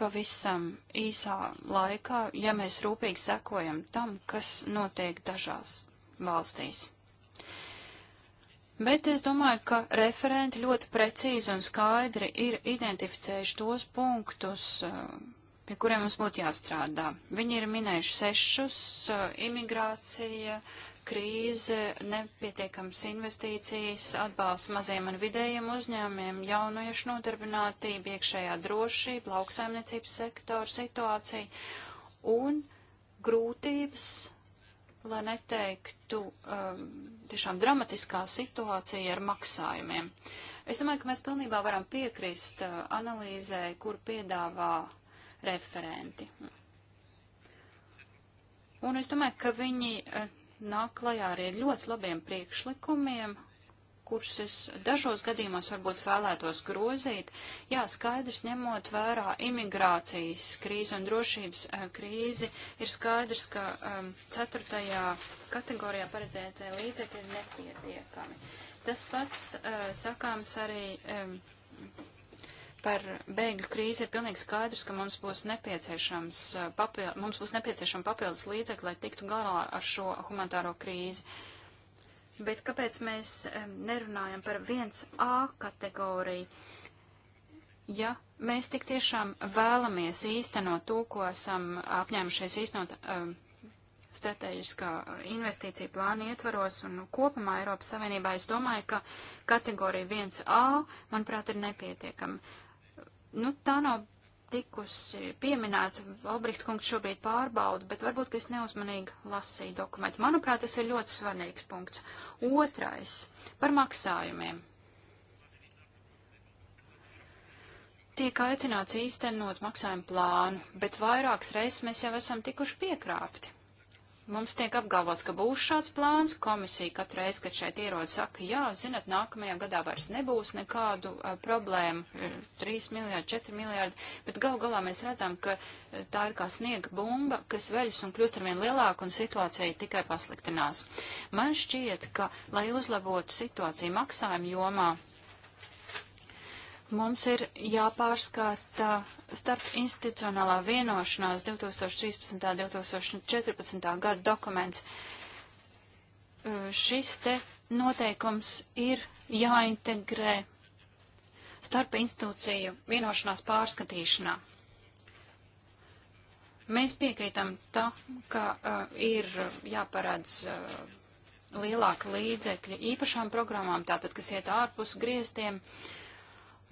pavisam īsā laikā, ja mēs rūpīgi sekojam tam, kas notiek dažās valstīs. Bet es domāju, ka referenti ļoti precīzi un skaidri ir identificējuši tos punktus, eh, pie kuriem mums būtu jāstrādā. Viņi ir minējuši sešus eh, - imigrācija, krīze, nepietiekams investīcijas, atbalsts maziem un vidējiem uzņēmumiem, jauniešu nodarbinātība, iekšējā drošība, lauksaimniecības sektora situācija un grūtības, lai neteiktu um, tiešām dramatiskā situācija ar maksājumiem. Es domāju, ka mēs pilnībā varam piekrist uh, analīzē, kur piedāvā referenti. Un es domāju, ka viņi uh, nāk klajā arī ļoti labiem priekšlikumiem, kurus es dažos gadījumos varbūt vēlētos grozīt. Jā, skaidrs, ņemot vērā imigrācijas krīzi un drošības eh, krīzi, ir skaidrs, ka um, ceturtajā kategorijā paredzētie līdzekļi ir nepietiekami. Tas pats uh, sakāms arī um, par bēgļu krīzi, ir pilnīgi skaidrs, ka mums būs, nepieciešams, eh, papild, mums būs nepieciešama papildus līdzekļi, lai tiktu galā ar šo humanitāro krīzi. Bet kāpēc mēs nerunājam par 1A kategoriju? Ja mēs tik tiešām vēlamies īstenot to, ko esam apņēmušies īstenot um, strateģiskā investīcija plāna ietvaros un kopumā Eiropas Savienībā, es domāju, ka kategorija 1A, manuprāt, ir nepietiekama. Nu, tā nav tikusi pieminēta, Albrecht kungs šobrīd pārbauda, bet varbūt, ka es neuzmanīgi lasīju dokumentu. Manuprāt, tas ir ļoti svarīgs punkts. Otrais - par maksājumiem. Tiek aicināts īstenot maksājumu plānu, bet vairākas reizes mēs jau esam tikuši piekrāpti. Mums tiek apgalvots, ka būs šāds plāns, komisija katru reizi, kad šeit ierod, saka, jā, zinat, nākamajā gadā vairs nebūs nekādu uh, problēmu, 3 miljārdi, 4 miljārdi, bet gal galā mēs redzam, ka tā ir kā sniega bumba, kas veļas un kļūst arvien lielāka un situācija tikai pasliktinās. Man šķiet, ka, lai uzlabotu situāciju maksājumu jomā, Mums ir jāpārskata starp institucionālā vienošanās 2013. 2014. gada dokuments. Šis te noteikums ir jāintegrē starp institūciju vienošanās pārskatīšanā. Mēs piekrītam tā, ka uh, ir jāparādz uh, lielāka līdzekļa īpašām programmām, tātad, kas iet ārpus griestiem. Uh,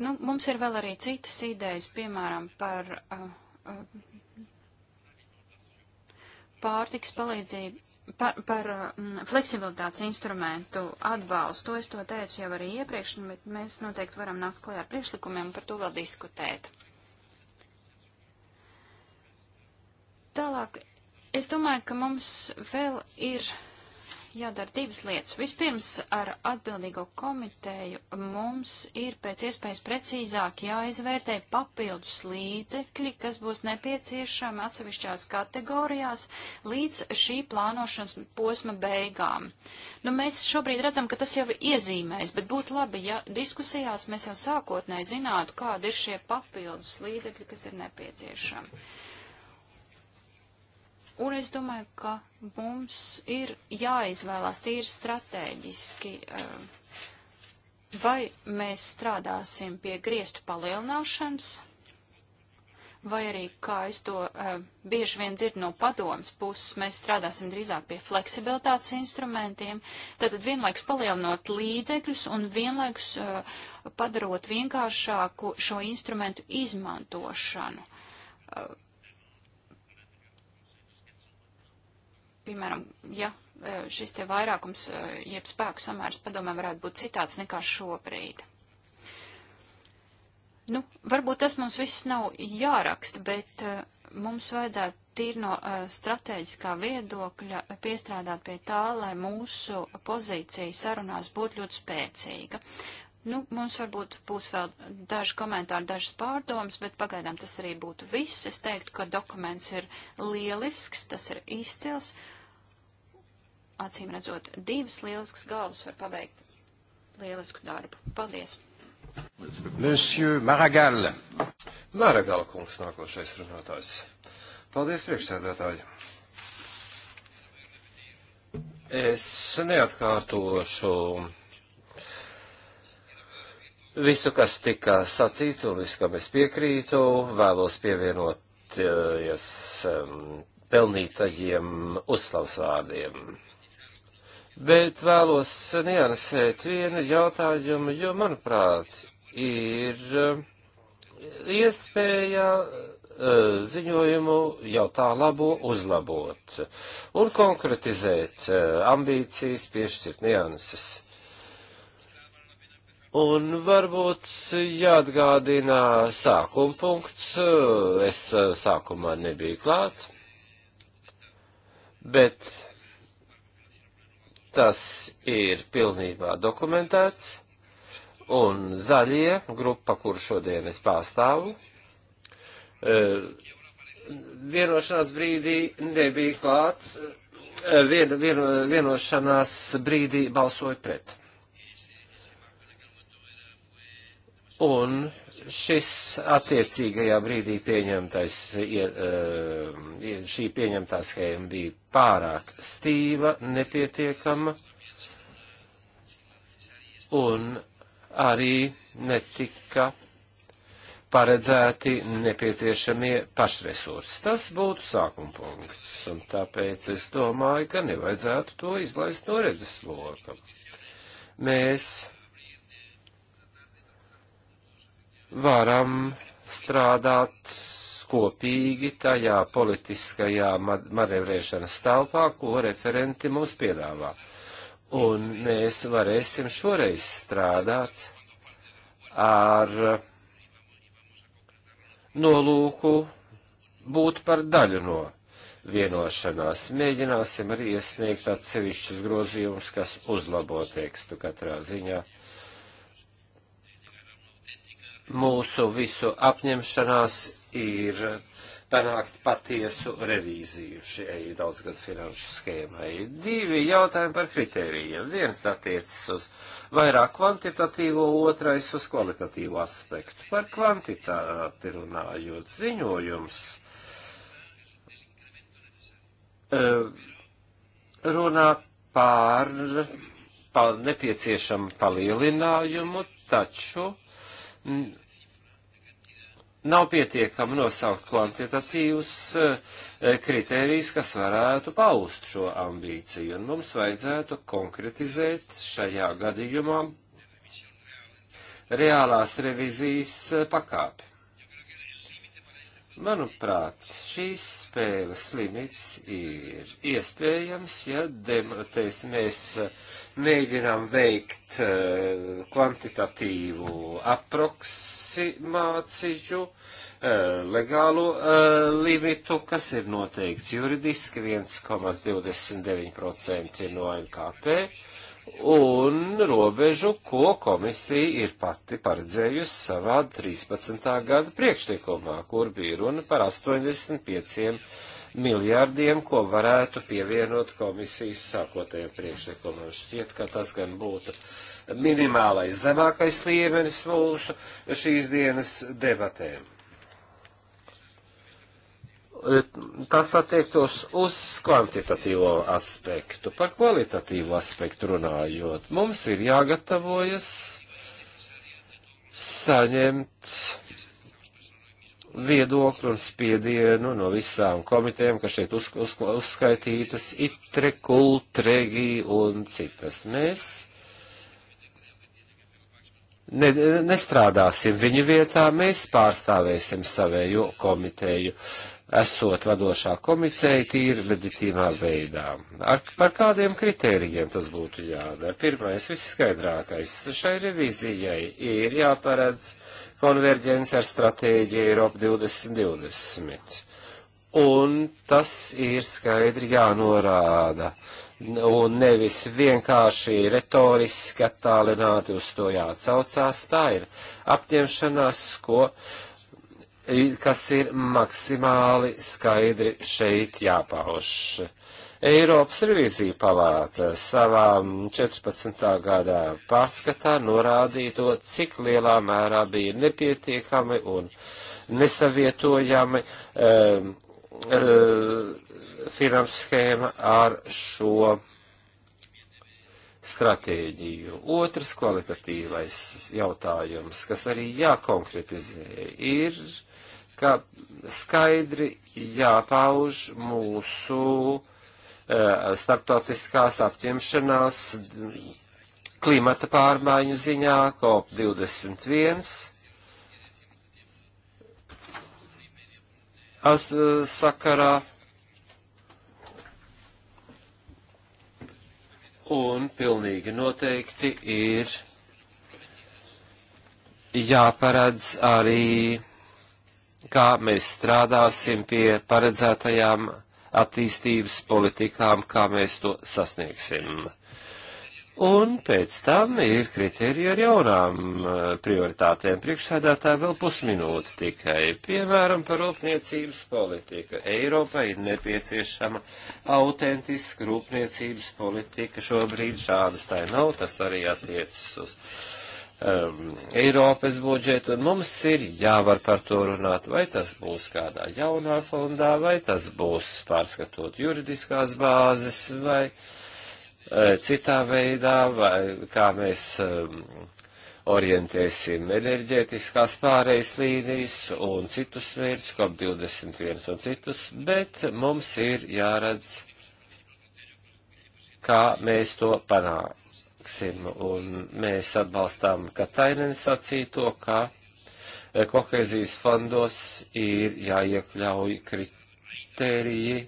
Nu, mums ir vēl arī citas idejas, piemēram, par uh, uh, pārtiks palīdzību, par, par um, fleksibilitātes instrumentu atbalstu. Es to teicu jau arī iepriekš, bet mēs noteikti varam nākt klajā ar priekšlikumiem un par to vēl diskutēt. Tālāk, es domāju, ka mums vēl ir jādara divas lietas. Vispirms ar atbildīgo komiteju mums ir pēc iespējas precīzāk jāizvērtē papildus līdzekļi, kas būs nepieciešami atsevišķās kategorijās līdz šī plānošanas posma beigām. Nu, mēs šobrīd redzam, ka tas jau ir iezīmējis, bet būtu labi, ja diskusijās mēs jau sākotnēji zinātu, kādi ir šie papildus līdzekļi, kas ir nepieciešami. Un es domāju, ka mums ir jāizvēlās tīri strateģiski, eh, vai mēs strādāsim pie griestu palielināšanas, vai arī, kā es to eh, bieži vien dzirdu no padomas puses, mēs strādāsim drīzāk pie fleksibilitātes instrumentiem, tātad vienlaikus palielinot līdzekļus un vienlaikus eh, padarot vienkāršāku šo instrumentu izmantošanu piemēram, ja e, šis te vairākums, e, jeb spēku samērs padomē varētu būt citāds nekā šobrīd. Nu, varbūt tas mums viss nav jāraksta, bet e, mums vajadzētu tīri no strateģiskā viedokļa piestrādāt pie tā, lai mūsu pozīcija sarunās būtu ļoti spēcīga. Nu, mums varbūt būs vēl daži komentāri, dažas pārdomas, bet pagaidām tas arī būtu viss. Es teiktu, ka dokuments ir lielisks, tas ir izcils, acīm redzot, divas lieliskas galvas var paveikt lielisku darbu. Paldies! Monsieur Maragall. Maragall kungs nākošais runātājs. Paldies, priekšsēdētāji. Es neatkārtošu visu, kas tika sacīts un visu, kam es piekrītu, vēlos pievienoties um, pelnītajiem uzslavas vārdiem. Bet vēlos niansēt vienu jautājumu, jo, manuprāt, ir eh, iespēja eh, ziņojumu jau tā labo uzlabot un konkretizēt eh, ambīcijas, piešķirt nianses. Un varbūt jāatgādina sākuma punkts, es sākumā nebiju klāts, bet tas ir pilnībā dokumentēts, un zaļie grupa, kur šodien es pārstāvu, e, vienošanās brīdī nebija klāt, e, vien, vien, vienošanās brīdī balsoja pret. Un šis attiecīgajā brīdī pieņemtais, eh, šī pieņemtā schēma bija pārāk stīva, nepietiekama un arī netika paredzēti nepieciešamie pašresursi. Tas būtu sākuma punkts, un tāpēc es domāju, ka nevajadzētu to izlaist no redzes lokam. Mēs varam strādāt kopīgi tajā politiskajā manevrēšanas telpā, ko referenti mums piedāvā. Un mēs varēsim šoreiz strādāt ar nolūku būt par daļu no vienošanās. Mēģināsim arī iesniegt atsevišķus grozījumus, kas uzlabo tekstu katrā ziņā. Uh, mūsu visu apņemšanās ir panākt patiesu revīziju šai daudzgad finanšu schēmai. Divi jautājumi par kritērijiem. Viens attiecas uz vairāk kvantitatīvo, otrais uz kvalitatīvo aspektu. Par kvantitāti runājot ziņojums. Eh, runā pār, pār nepieciešamu palielinājumu, taču nav pietiekami nosaukt kvantitatīvus eh, eh, kritērijus, kas varētu paust šo ambīciju, un mums vajadzētu konkretizēt šajā gadījumā reālās revizijas eh, pakāpi. Manuprāt, šīs spēles limits ir iespējams, ja dematēs mēs mēģinām veikt eh, kvantitatīvu aproksimāciju, eh, legālo eh, limitu, kas ir noteikts juridiski 1,29% no NKP un robežu, ko komisija ir pati paredzējusi savā 13. gada priekšlikumā, kur bija runa par 85 miljārdiem, ko varētu pievienot komisijas sākotējiem priekšlikumam. Šķiet, ka tas gan būtu minimālais zemākais līmenis mūsu šīs dienas debatēm. Eh, tas attiektos uz kvantitatīvo aspektu. Par kvalitatīvo aspektu runājot, mums ir jāgatavojas saņemt viedokli un spiedienu no visām komitejām, kas šeit uz, uz, uzskaitītas, itre, kult, regī un citas. Mēs ne, nestrādāsim viņu vietā, mēs pārstāvēsim savējo komiteju esot vadošā komiteja tīri leģitīmā veidā. Ar, par kādiem kritērijiem tas būtu jādara? Pirmais, visskaidrākais, šai revīzijai ir jāparedz konverģence ar stratēģiju Eiropa 2020. Un tas ir skaidri jānorāda. Un nevis vienkārši retoriski attālināti uz to jācaucās. Tā ir apņemšanās, ko uh, kas ir maksimāli skaidri šeit jāpauž. Eiropas revīzija palāta savā 14. gadā pārskatā norādīja to, cik lielā mērā bija nepietiekami un nesavietojami um, um, finanšu schēma ar šo stratēģiju. Otrs kvalitatīvais jautājums, kas arī jākonkretizē, ir ka skaidri jāpauž mūsu e, starptautiskās apņemšanās klimata pārmaiņu ziņā COP21. As, e, sakarā un pilnīgi noteikti ir jāparedz arī kā mēs strādāsim pie paredzētajām attīstības politikām, kā mēs to sasniegsim. Un pēc tam ir kriterija ar jaunām eh, prioritātēm. Priekšsēdētāji vēl pusminūte tikai. Piemēram, par rūpniecības politiku. Eiropai ir nepieciešama autentiska rūpniecības politika. Šobrīd šādas tā nav, tas arī attiecas uz um, Eiropas budžetu, un mums ir jāvar par to runāt, vai tas būs kādā jaunā fondā, vai tas būs pārskatot juridiskās bāzes, vai uh, citā veidā, vai kā mēs um, orientēsim enerģētiskās pārējas līnijas un citus mērķus, COP21 un citus, bet mums ir jāredz, kā mēs to panākam panāksim, un mēs atbalstām Katainen sacīto, ka eh, kohēzijas fondos ir jāiekļauj kritēriji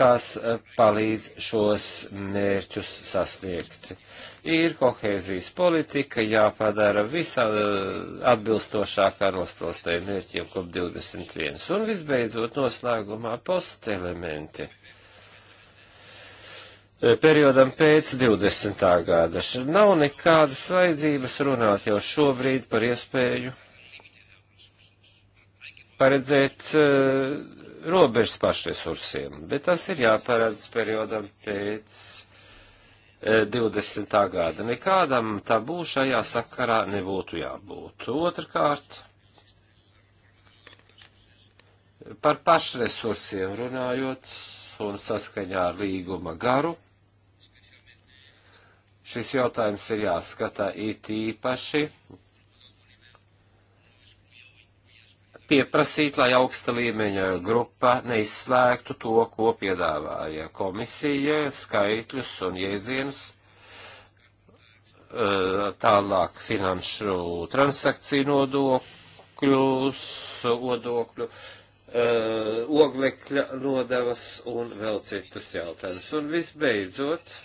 kas eh, palīdz šos mērķus sasniegt. Ir kohēzijas politika jāpadara visā eh, atbilstošākā nosprostēja mērķiem kop 21. Un visbeidzot noslēgumā postelementi. Eh, periodam pēc 20. gada nav nekādas vajadzības runāt jau šobrīd par iespēju paredzēt eh, robežas pašresursiem, bet tas ir jāparedz periodam pēc 20. Eh, gada. Nekādam tabū šajā sakarā nebūtu jābūt. Otrkārt, par pašresursiem runājot un saskaņā ar līguma garu, šis jautājums ir jāskatā it īpaši pieprasīt, lai augsta līmeņa grupa neizslēgtu to, ko piedāvāja komisija, skaitļus un jēdzienus, eh, tālāk finanšu transakciju nodokļus, odokļu, eh, oglekļa nodevas un vēl citus jautājumus. Un visbeidzot,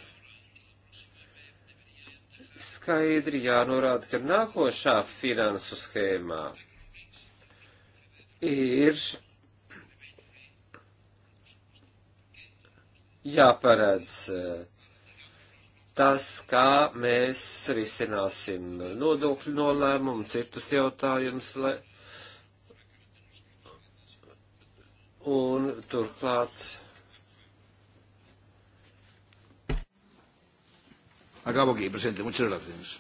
skaidri jānorāda, ka nākošā finansu schēmā ir jāparedz eh, tas, kā mēs risināsim nodokļu nolēmumu, citus jautājumus, lai. Un turklāt. Acabo aquí, presidente. Muchas gracias.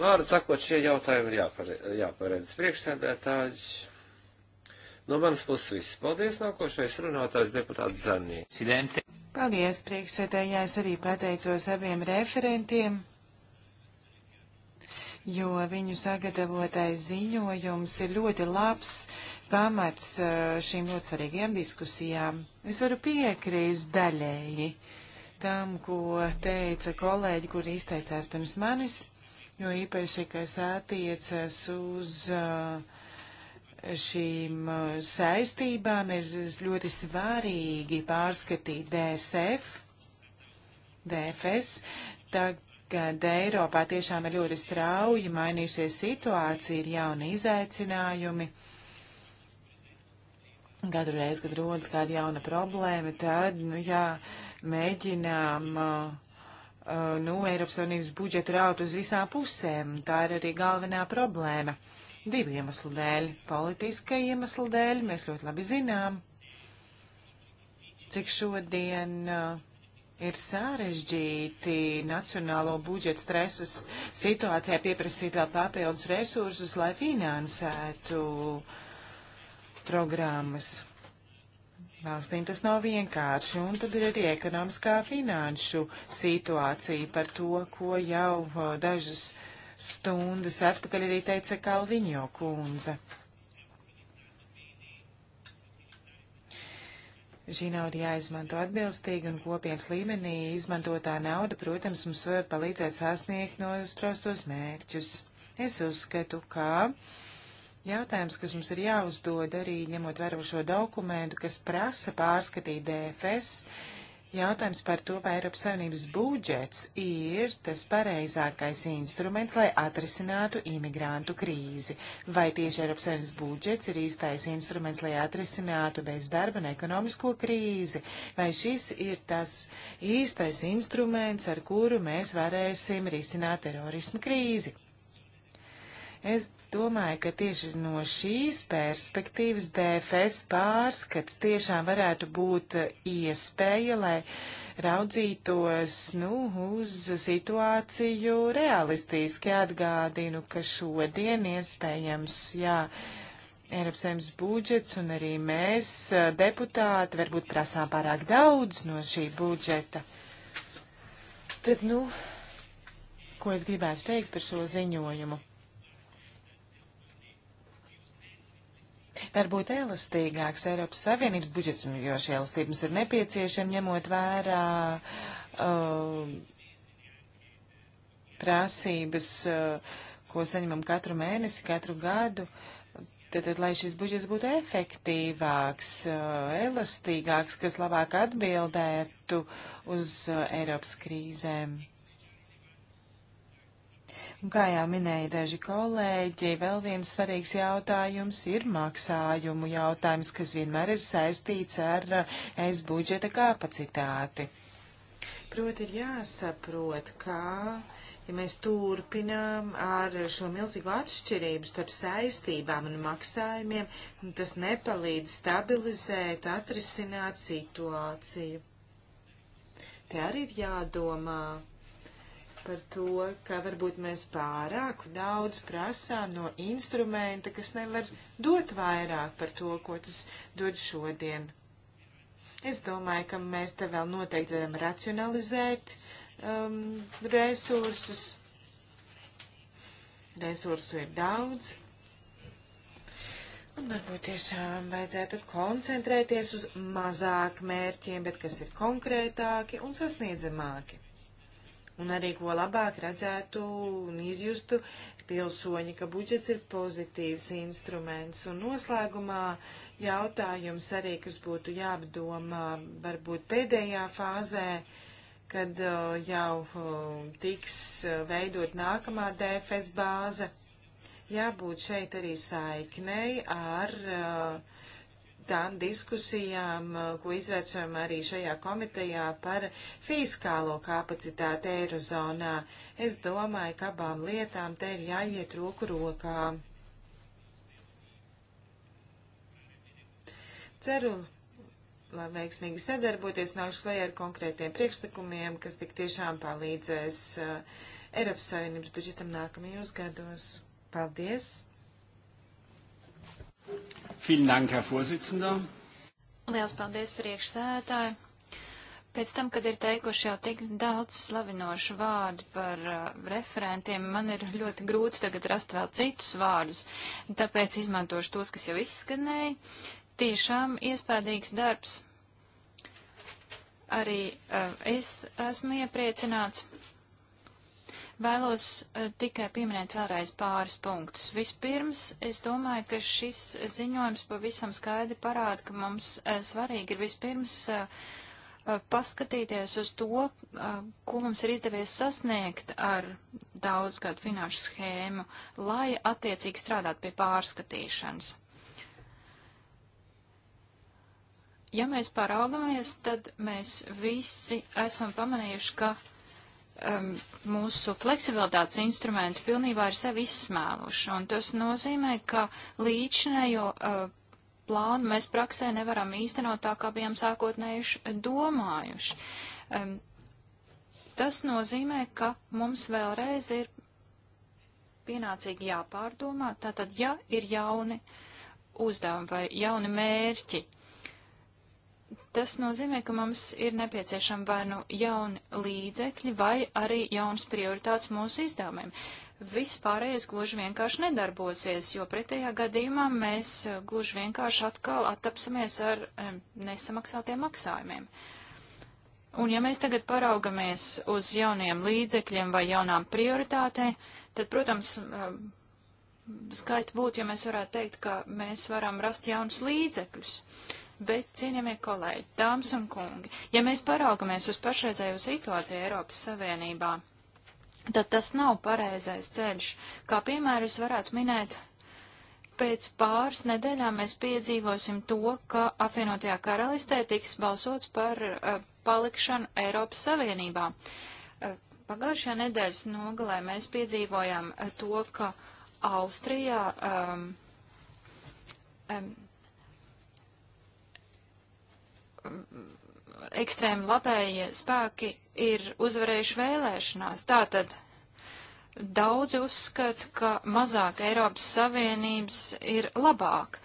Vārds sakot, šie jautājumi ir jāparedz priekšsēdētājs. No manas puses viss. Paldies, nākošais runātājs deputāts Zanī. Paldies, priekšsēdējā. Es arī pateicos abiem referentiem, jo viņu sagatavotais ziņojums ir ļoti labs pamats uh, šīm ļoti svarīgajām diskusijām. Es varu piekrīst daļēji tam, ko teica kolēģi, kur izteicās pirms manis, jo īpaši, kas attiecas uz uh, šīm uh, saistībām ir ļoti svarīgi pārskatīt DSF, DFS. Tagad Eiropā tiešām ir ļoti strauji mainījusies situācija, ir jauni izaicinājumi. Katru reizi, kad rodas kāda jauna problēma, tad, nu jā, mēģinām. Uh, uh nu, Eiropas Savienības budžetu raut uz visām pusēm. Tā ir arī galvenā problēma. Uh, Divu iemeslu dēļ. Politiskai iemeslu dēļ mēs ļoti labi zinām, cik šodien uh, ir sarežģīti nacionālo budžetu stresas situācijā pieprasīt vēl papildus resursus, lai finansētu programmas. Valstīm tas nav vienkārši, un tad ir arī ekonomiskā finanšu situācija par to, ko jau uh, dažas uh, stundas atpakaļ arī teica Kalviņo kundze. Šī nauda jāizmanto atbilstīgi un kopienas līmenī izmantotā nauda, protams, mums var palīdzēt sasniegt nospraustos mērķus. Es uzskatu, ka jautājums, kas mums ir jāuzdod arī ņemot vērā šo dokumentu, kas prasa pārskatīt DFS, Jautājums par to, vai Eiropas Savienības budžets ir tas pareizākais instruments, lai atrisinātu imigrantu krīzi. Vai tieši Eiropas Savienības budžets ir īstais instruments, lai atrisinātu bezdarba un ekonomisko krīzi? Vai šis ir tas īstais instruments, ar kuru mēs varēsim risināt terorismu krīzi? Es domāju, ka tieši no šīs perspektīvas DFS pārskats tiešām varētu būt iespēja, lai raudzītos nu, uz situāciju realistiski. Atgādinu, ka šodien iespējams, jā. Eiropas saimnes budžets un arī mēs, deputāti, varbūt prasām pārāk daudz no šī budžeta. Tad, nu, ko es gribētu teikt par šo ziņojumu? var būt elastīgāks Eiropas Savienības budžets, jo šī elastība mums ir nepieciešama, ņemot vērā uh, prasības, uh, ko saņemam katru mēnesi, katru gadu. Tad, tad, lai šis budžets būtu efektīvāks, uh, elastīgāks, kas labāk atbildētu uz uh, Eiropas krīzēm. Un kā jau minēja daži kolēģi, vēl viens svarīgs jautājums ir maksājumu jautājums, kas vienmēr ir saistīts ar eh, es budžeta kapacitāti. Proti ir jāsaprot, ka ja mēs turpinām ar šo milzīgo atšķirību starp saistībām un maksājumiem, tas nepalīdz stabilizēt, atrisināt situāciju. Te arī ir jādomā par to, ka varbūt mēs pārāk daudz prasām no instrumenta, kas nevar dot vairāk par to, ko tas dod šodien. Es domāju, ka mēs te vēl noteikti varam racionalizēt um, resursus. Resursu ir daudz. Un varbūt tiešām vajadzētu koncentrēties uz mazāk mērķiem, bet kas ir konkrētāki un sasniedzamāki un arī ko labāk redzētu un izjustu pilsoņi, ka budžets ir pozitīvs instruments. Un noslēgumā jautājums arī, kas būtu jāapdomā varbūt pēdējā fāzē, kad uh, jau um, tiks uh, veidot nākamā DFS bāze jābūt šeit arī saiknei ar uh, tām diskusijām, eh, ko izvēršam arī šajā komitejā par fiskālo kapacitāti Eirozonā. Es domāju, ka abām lietām te ir jāiet roku rokā. Ceru, lai veiksmīgi sadarboties nākuši klajā ar konkrētiem priekšlikumiem, kas tik tiešām palīdzēs uh, Eiropas Savienības budžetam nākamajos gados. Paldies! Thank you. Vielen Dank, Herr Vorsitzender. Liels paldies priekšsēdētāji. Pēc tam, kad ir teikuši jau tik daudz slavinošu vārdu par uh, referentiem, man ir ļoti grūts tagad rast vēl citus vārdus, tāpēc izmantošu tos, kas jau izskanēja. Tiešām iespējams darbs. Arī uh, es esmu iepriecināts. Vēlos uh, tikai pieminēt vēlreiz pāris punktus. Vispirms, es domāju, ka šis ziņojums pavisam skaidri parāda, ka mums uh, svarīgi ir vispirms uh, paskatīties uz to, ko mums ir izdevies sasniegt ar daudzgadu finanšu schēmu, lai attiecīgi strādātu pie pārskatīšanas. Ja mēs paraugamies, tad mēs visi esam pamanījuši, ka um, mūsu fleksibilitātes instrumenti pilnībā ir sevi izsmēluši, un tas nozīmē, ka līdšanējo uh, plānu mēs praksē nevaram īstenot tā, kā bijām sākotnējuši domājuši. Um, tas nozīmē, ka mums vēlreiz ir pienācīgi jāpārdomā, tātad, ja ir jauni uzdevumi vai jauni mērķi, Tas nozīmē, ka mums ir nepieciešama vai nu jauni līdzekļi, vai arī jaunas prioritātes mūsu izdevumiem. Viss pārējais gluži vienkārši nedarbosies, jo pretējā gadījumā mēs eh, gluži vienkārši atkal attapsimies ar eh, nesamaksātiem maksājumiem. Un ja mēs tagad paraugamies uz jauniem līdzekļiem vai jaunām prioritātēm, tad, protams, eh, skaisti būtu, ja mēs varētu teikt, ka mēs varam rast jaunus līdzekļus. Bet, cienījamie kolēģi, dāmas un kungi, ja mēs paraugamies uz pašreizējo situāciju Eiropas Savienībā, tad tas nav pareizais ceļš. Kā piemēru es varētu minēt, pēc pāris nedēļām mēs piedzīvosim to, ka apvienotajā karalistē tiks balsots par uh, palikšanu Eiropas Savienībā. Uh, pagājušajā nedēļas nogalē mēs piedzīvojām uh, to, ka Austrijā um, um, ekstrēmi labējie spēki ir uzvarējuši vēlēšanās. Tātad daudzi uzskata, ka mazāk Eiropas Savienības ir labāk.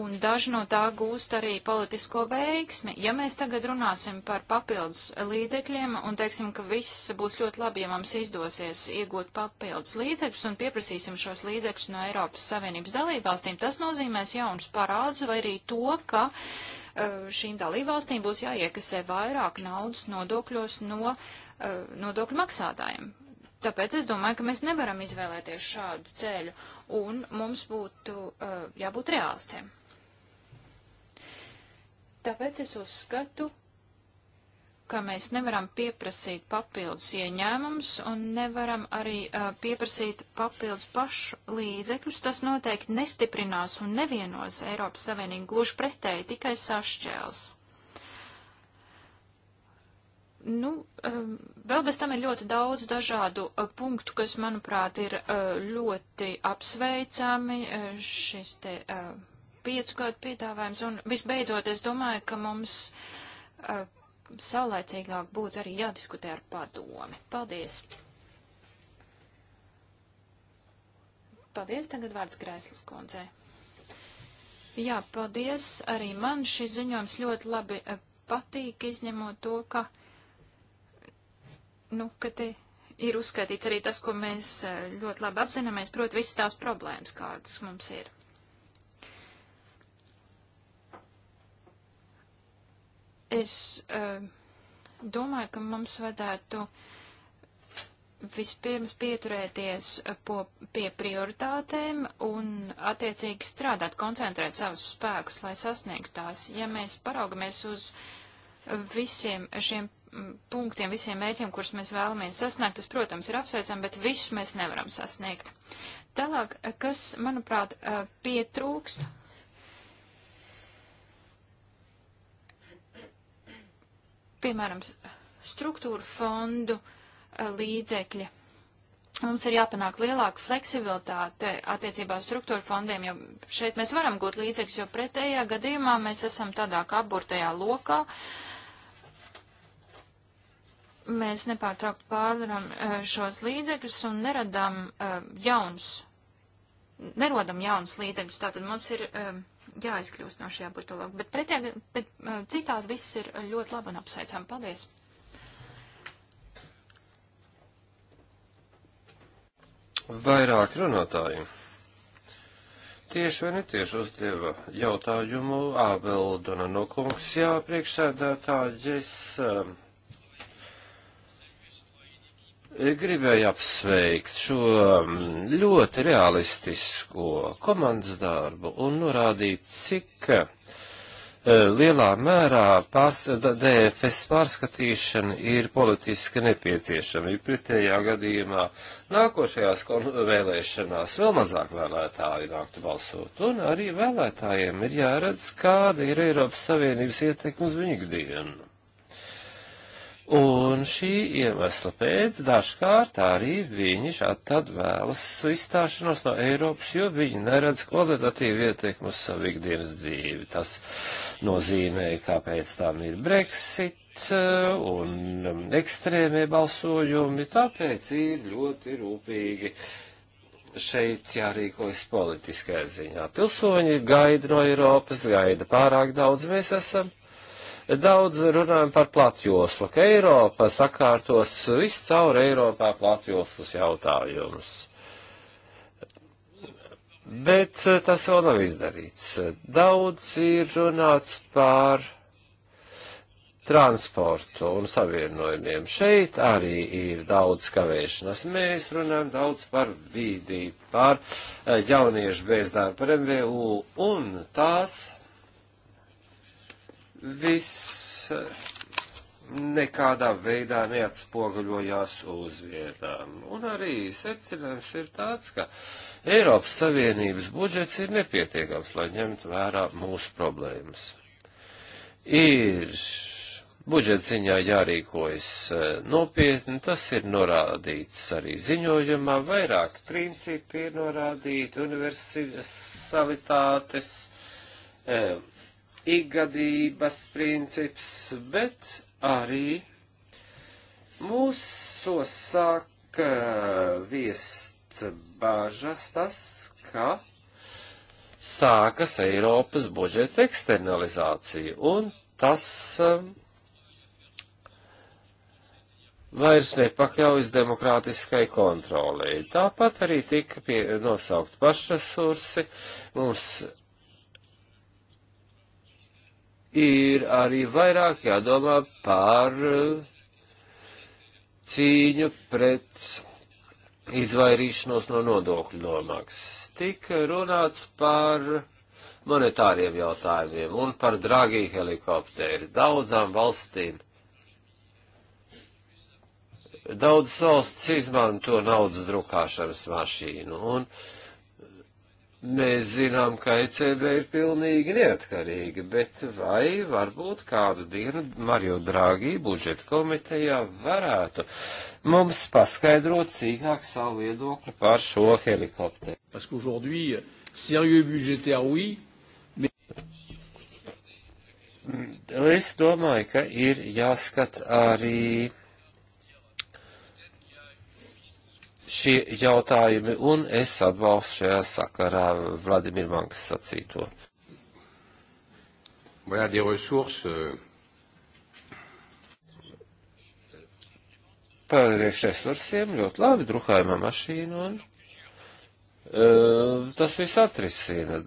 Un daži no tā gūst arī politisko veiksmi. Ja mēs tagad runāsim par papildus līdzekļiem un teiksim, ka viss būs ļoti labi, ja mums izdosies iegūt papildus līdzekļus un pieprasīsim šos līdzekļus no Eiropas Savienības dalībvalstīm, tas nozīmēs jaunas parādus vai arī to, ka uh, Eh, šīm dalībvalstīm būs jāiekasē vairāk naudas nodokļos no eh, nodokļu maksātājiem. Tāpēc es domāju, ka mēs nevaram izvēlēties šādu ceļu, un mums būtu eh, jābūt realistiem. Tāpēc es uzskatu, ka mēs nevaram pieprasīt papildus ieņēmumus un nevaram arī uh, pieprasīt papildus pašu līdzekļus, tas noteikti nestiprinās un nevienos Eiropas Savienību gluži pretēji, tikai sašķēls. Nu, um, vēl bez tam ir ļoti daudz dažādu uh, punktu, kas, manuprāt, ir uh, ļoti apsveicami. Šis te piecu gadu piedāvājums. Un visbeidzot, es domāju, ka mums saulēcīgāk būtu arī jādiskutē ar padomi. Paldies! Paldies, tagad vārds Grēslas kundzei. Jā, paldies. Arī man šis ziņojums ļoti labi eh, patīk, izņemot to, ka, nu, ka te ir uzskaitīts arī tas, ko mēs eh, ļoti labi apzināmies, proti, visas tās problēmas, kādas mums ir. Es uh, domāju, ka mums vajadzētu vispirms pieturēties eh, po, pie prioritātēm un attiecīgi strādāt, koncentrēt savus spēkus, lai sasniegtu tās. Ja mēs paraugamies uz visiem šiem mm, punktiem, visiem mērķiem, kurus mēs vēlamies sasniegt, tas, protams, ir apsveicam, bet visus mēs nevaram sasniegt. Tālāk, eh, kas, manuprāt, pietrūkst piemēram, struktūra fondu eh, līdzekļi. Mums ir jāpanāk lielāka fleksibilitāte attiecībā uz struktūra fondiem, jo šeit mēs varam gūt līdzekļus, jo pretējā gadījumā mēs esam tādā kā aburtajā lokā. Mēs nepārtraukt pārdaram eh, šos līdzekļus un neradam eh, jaunus, nerodam jaunus līdzekļus. Tātad mums ir. Um, jāizkļūst no šī abortu lauka. Bet, pretē, bet uh, citādi viss ir uh, ļoti labi un apsveicam. Paldies! Vairāk runātāji. Tieši vai netieši uzdeva jautājumu Ābeldona no kungs, jā, priekšsēdētāji, es. Um, gribēju apsveikt šo mm, ļoti realistisko komandas darbu un norādīt, cik e, lielā mērā pārs, DFS pārskatīšana ir politiski nepieciešama, jo pretējā gadījumā nākošajās vēlēšanās vēl mazāk vēlētāji nāktu balsot, un arī vēlētājiem ir jāredz, kāda ir Eiropas Savienības ietekme uz viņu ikdienu. Un šī iemesla pēc dažkārt arī viņi tad vēlas izstāšanos no Eiropas, jo viņi neredz kvalitatīvu ietekmu uz savu ikdienas dzīvi. Tas nozīmē, kāpēc tam ir Brexit eh, un um, ekstrēmie balsojumi, tāpēc ir ļoti rūpīgi šeit jārīkojas politiskajā ziņā. Pilsoņi gaida no Eiropas, gaida pārāk daudz, mēs esam daudz runājam par platjoslu, ka Eiropa sakārtos viscaur Eiropā platjoslas jautājumus. Bet eh, tas vēl nav izdarīts. Daudz ir runāts par transportu un savienojumiem. Šeit arī ir daudz kavēšanas. Mēs runājam daudz par vīdī, par eh, jauniešu bezdarbu, par MVU un tās viss eh, nekādā veidā neatspoguļojās uz vietām. Un arī secinājums ir tāds, ka Eiropas Savienības budžets ir nepietiekams, lai ņemtu vērā mūsu problēmas. Ir budžeta ziņā jārīkojas eh, nopietni, tas ir norādīts arī ziņojumā, vairāk principi ir norādīti, universalitātes. Eh, ikgadības princips, bet arī mūsos sāk eh, viest bāžas tas, ka sākas Eiropas budžeta eksternalizācija, un tas eh, vairs nepakļaujas demokrātiskai kontrolē. Tāpat arī tika pie, nosaukt pašresursi, mums ir arī vairāk jādomā par uh, cīņu pret izvairīšanos no nodokļu nomaksas. Tika runāts par monetāriem jautājumiem un par dragī helikopteri daudzām valstīm. Daudzas valsts izmanto naudas drukāšanas mašīnu, un uh, Mēs zinām, ka ECB ir pilnīgi neatkarīga, bet vai varbūt kādu dienu Mario Draghi budžeta komitejā varētu mums paskaidrot cīkāk savu viedokli par šo helikopteru? Mm, es domāju, ka ir jāskat arī šie jautājumi, un es atbalstu šajā sakarā Vladimir Mankas sacīto. Voilà des ressources. Euh, Par resursiem ļoti labi drukājama mašīna un uh, tas viss atrisina.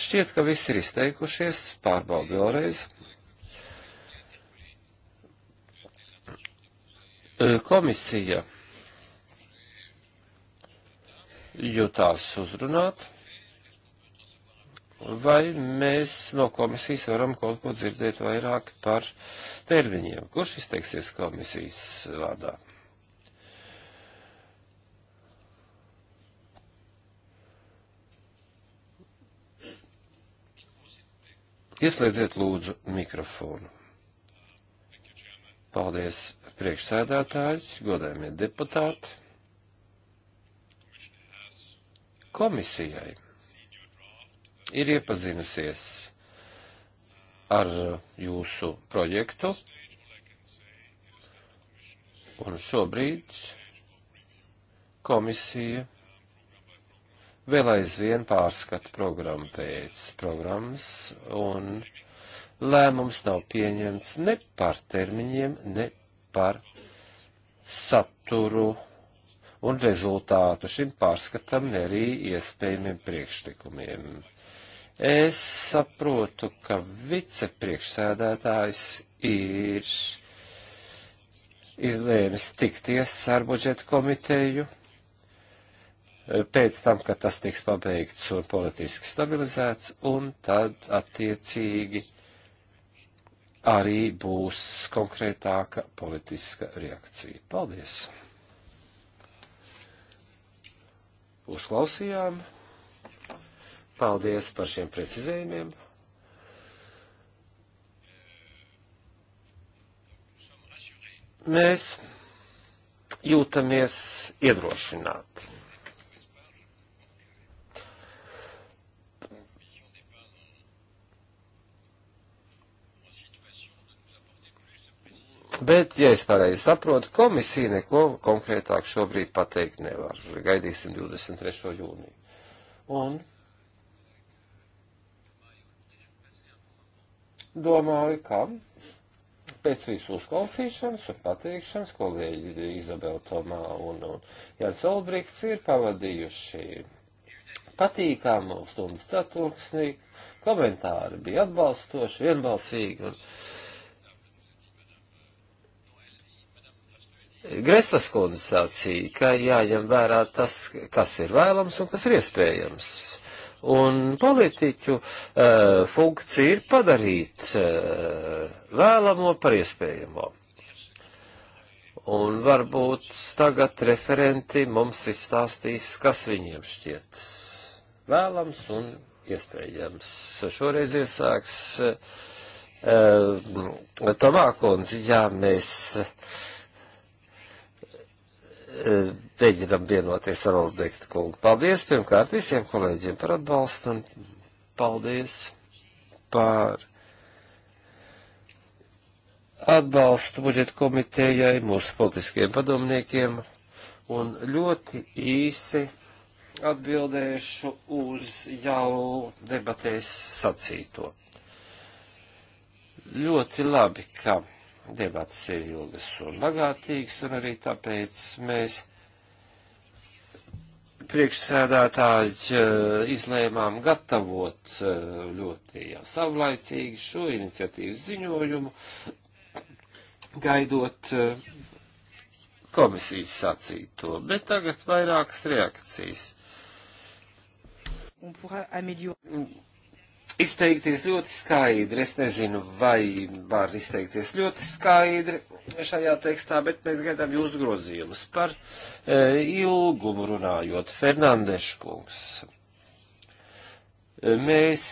Šķiet, ka visi ir izteikušies, pārbaudi vēlreiz. Uh, komisija jutās uzrunāt, vai mēs no komisijas varam kaut ko dzirdēt vairāk par termiņiem. Kurš izteiksies komisijas vārdā? Ieslēdziet lūdzu mikrofonu. Paldies priekšsēdētāji, godējumie deputāti. komisijai ir iepazinusies ar jūsu projektu, un šobrīd komisija vēl aizvien pārskata programmu pēc programmas, un lēmums nav pieņemts ne par termiņiem, ne par saturu un rezultātu šim pārskatam, ne arī iespējamiem priekšlikumiem. Es saprotu, ka vicepriekšsēdētājs ir izlēmis tikties ar budžetu komiteju pēc tam, kad tas tiks pabeigts un politiski stabilizēts, un tad attiecīgi arī būs konkrētāka politiska reakcija. Paldies! uzklausījām. Paldies par šiem precizējumiem. Mēs jūtamies iedrošināti. Bet, ja es pareizi saprotu, komisija neko konkrētāk šobrīd pateikt nevar. Gaidīsim 23. jūniju. Un domāju, ka pēc visu uzklausīšanas un pateikšanas kolēģi Izabela Tomā un, un Jānis Olbrikts ir pavadījuši patīkamu stundas ceturksnī, komentāri bija atbalstoši, vienbalsīgi, un Greslas kundze sacīja, ka jāņem vērā tas, kas ir vēlams un kas ir iespējams. Un politiķu uh, funkcija ir padarīt uh, vēlamo par iespējamo. Un varbūt tagad referenti mums izstāstīs, kas viņiem šķiet vēlams un iespējams. Šoreiz iesāks uh, eh, Tomākundze, ja mēs. Uh, E, mēģinam vienoties ar Olbekta kungu. Paldies pirmkārt visiem kolēģiem par atbalstu un paldies par atbalstu budžeta komitejai, mūsu politiskajiem padomniekiem un ļoti īsi atbildēšu uz jau debatēs sacīto. Ļoti labi, ka debats ir ilgas un bagātīgas, un arī tāpēc mēs priekšsēdētāji eh, izlēmām gatavot eh, ļoti jau savlaicīgi šo iniciatīvas ziņojumu, gaidot eh, komisijas sacīto, bet tagad vairākas reakcijas. Un pourra améliorer izteikties ļoti skaidri. Es nezinu, vai var izteikties ļoti skaidri šajā tekstā, bet mēs gaidām jūsu grozījumus par e, ilgumu runājot. Fernandeškungs. E, mēs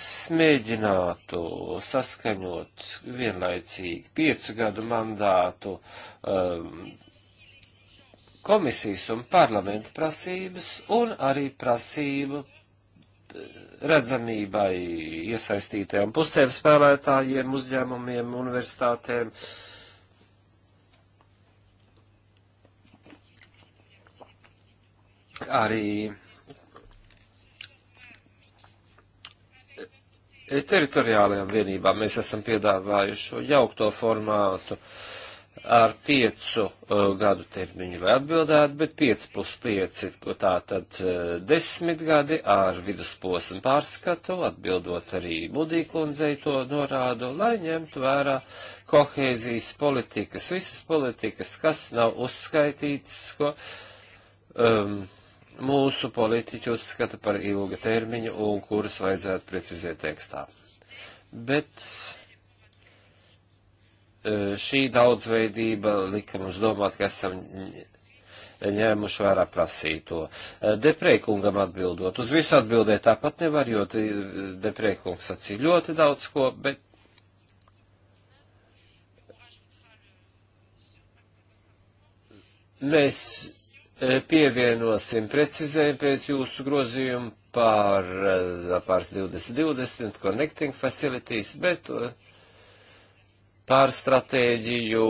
mēģinātu saskaņot vienlaicīgi piecu gadu mandātu um, komisijas un parlamenta prasības un arī prasību redzamībai iesaistītajām pusēm, spēlētājiem, uzņēmumiem, universitātēm. Arī teritoriālajām vienībām mēs esam piedāvājuši šo jaukto formātu uh, ar piecu uh, gadu termiņu, lai atbildētu, bet 5 plus 5, tā tad uh, desmit gadi ar vidusposmu pārskatu, atbildot arī Budīkundzei to norādu, lai ņemtu vērā kohēzijas politikas, visas politikas, kas nav uzskaitītas, ko. Um, mūsu politiķi uzskata par ilga termiņu un kuras vajadzētu precizēt tekstā. Bet Eh, šī daudzveidība lika mums domāt, ka esam ņēmuši vērā prasīto. Eh, Deprēkungam atbildot, uz visu atbildēt tāpat nevar, jo eh, deprēkungs sacīja ļoti daudz ko, bet. Mēs pievienosim precizējumu pēc jūsu grozījumu par pāris 2020 Connecting Facilities, bet uh, par stratēģiju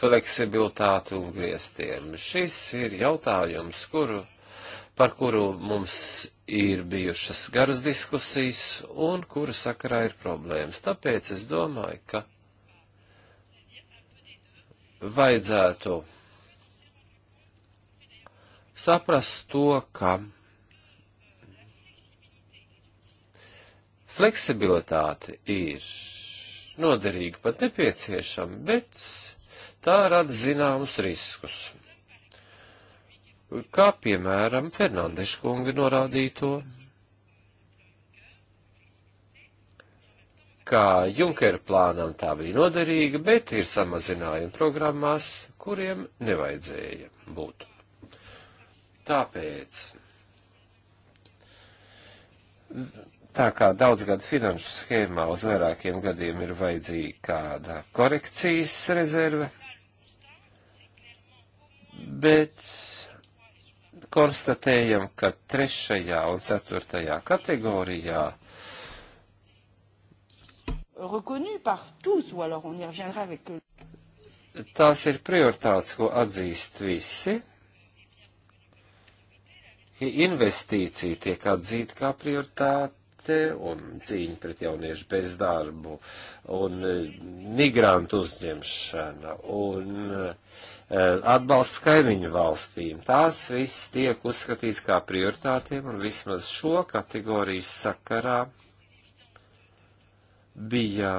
fleksibilitāti un griestiem. Šis ir jautājums, kuru, par kuru mums ir bijušas garas diskusijas un kura sakarā ir problēmas. Tāpēc es domāju, ka vajadzētu saprast to, ka fleksibilitāte ir noderīga, pat nepieciešama, bet tā rada zināmus riskus. Kā piemēram Fernandeša kunga norādīto, kā Junkera plānam tā bija noderīga, bet ir samazinājumi programmās, kuriem nevajadzēja būt. Tāpēc tā kā daudzgadu finanšu schēmā uz vairākiem gadiem ir vajadzīga kāda korekcijas rezerve, bet konstatējam, ka trešajā un ceturtajā kategorijā Tās ir prioritātes, ko atzīst visi. Investīcija tiek atzīta kā prioritāte mobilitāte un cīņa pret jauniešu bezdarbu un eh, migrantu uzņemšana un eh, atbalsts kaimiņu valstīm. Tās viss tiek uzskatīts kā prioritātiem un vismaz šo kategoriju sakarā bija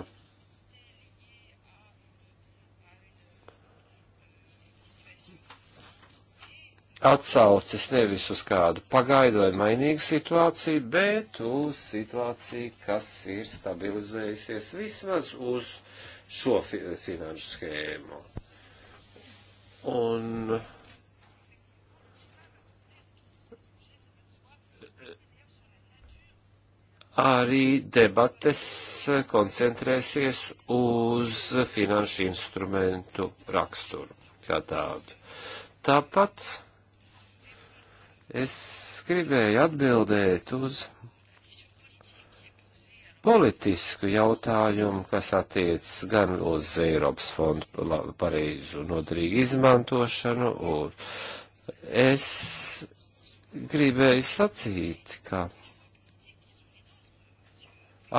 atsaucis nevis uz kādu pagaidu vai mainīgu situāciju, bet uz situāciju, kas ir stabilizējusies vismaz uz šo fi finanšu schēmu. Un arī debates koncentrēsies uz finanšu instrumentu raksturu kā tādu. Tāpat Es gribēju atbildēt uz politisku jautājumu, kas attiec gan uz Eiropas fondu Parīzu nodrīgu izmantošanu, un es gribēju sacīt, ka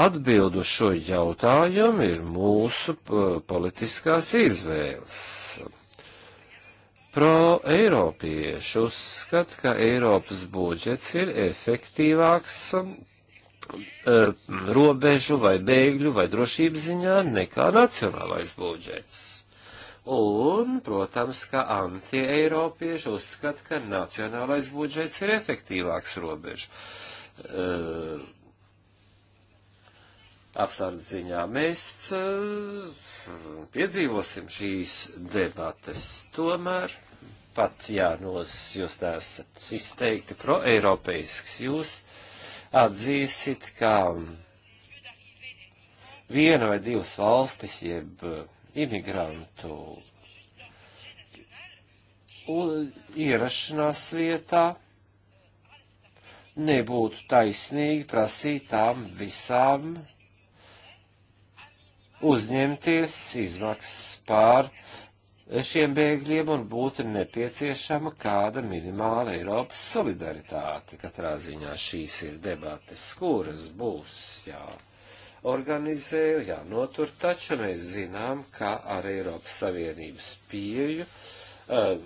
atbildu šo jautājumu ir mūsu politiskās izvēles pro-eiropieši uzskata, ka Eiropas budžets ir efektīvāks um, er, robežu vai bēgļu vai drošības ziņā nekā nacionālais budžets. Un, protams, ka anti-eiropieši uzskata, ka nacionālais budžets ir efektīvāks robežu uh, er, apsardziņā. Mēs uh, piedzīvosim šīs debates. Tomēr, pat jā, nos, jūs neesat izteikti proeiropeisks, jūs atzīsit, ka viena vai divas valstis, jeb uh, imigrantu ierašanās vietā, nebūtu taisnīgi prasīt tām visām uzņemties izmaksas pār šiem bēgļiem un būtu nepieciešama kāda minimāla Eiropas solidaritāte. Katrā ziņā šīs ir debates, kuras būs jāorganizē, jānotur, taču mēs zinām, ka ar Eiropas Savienības pieju um,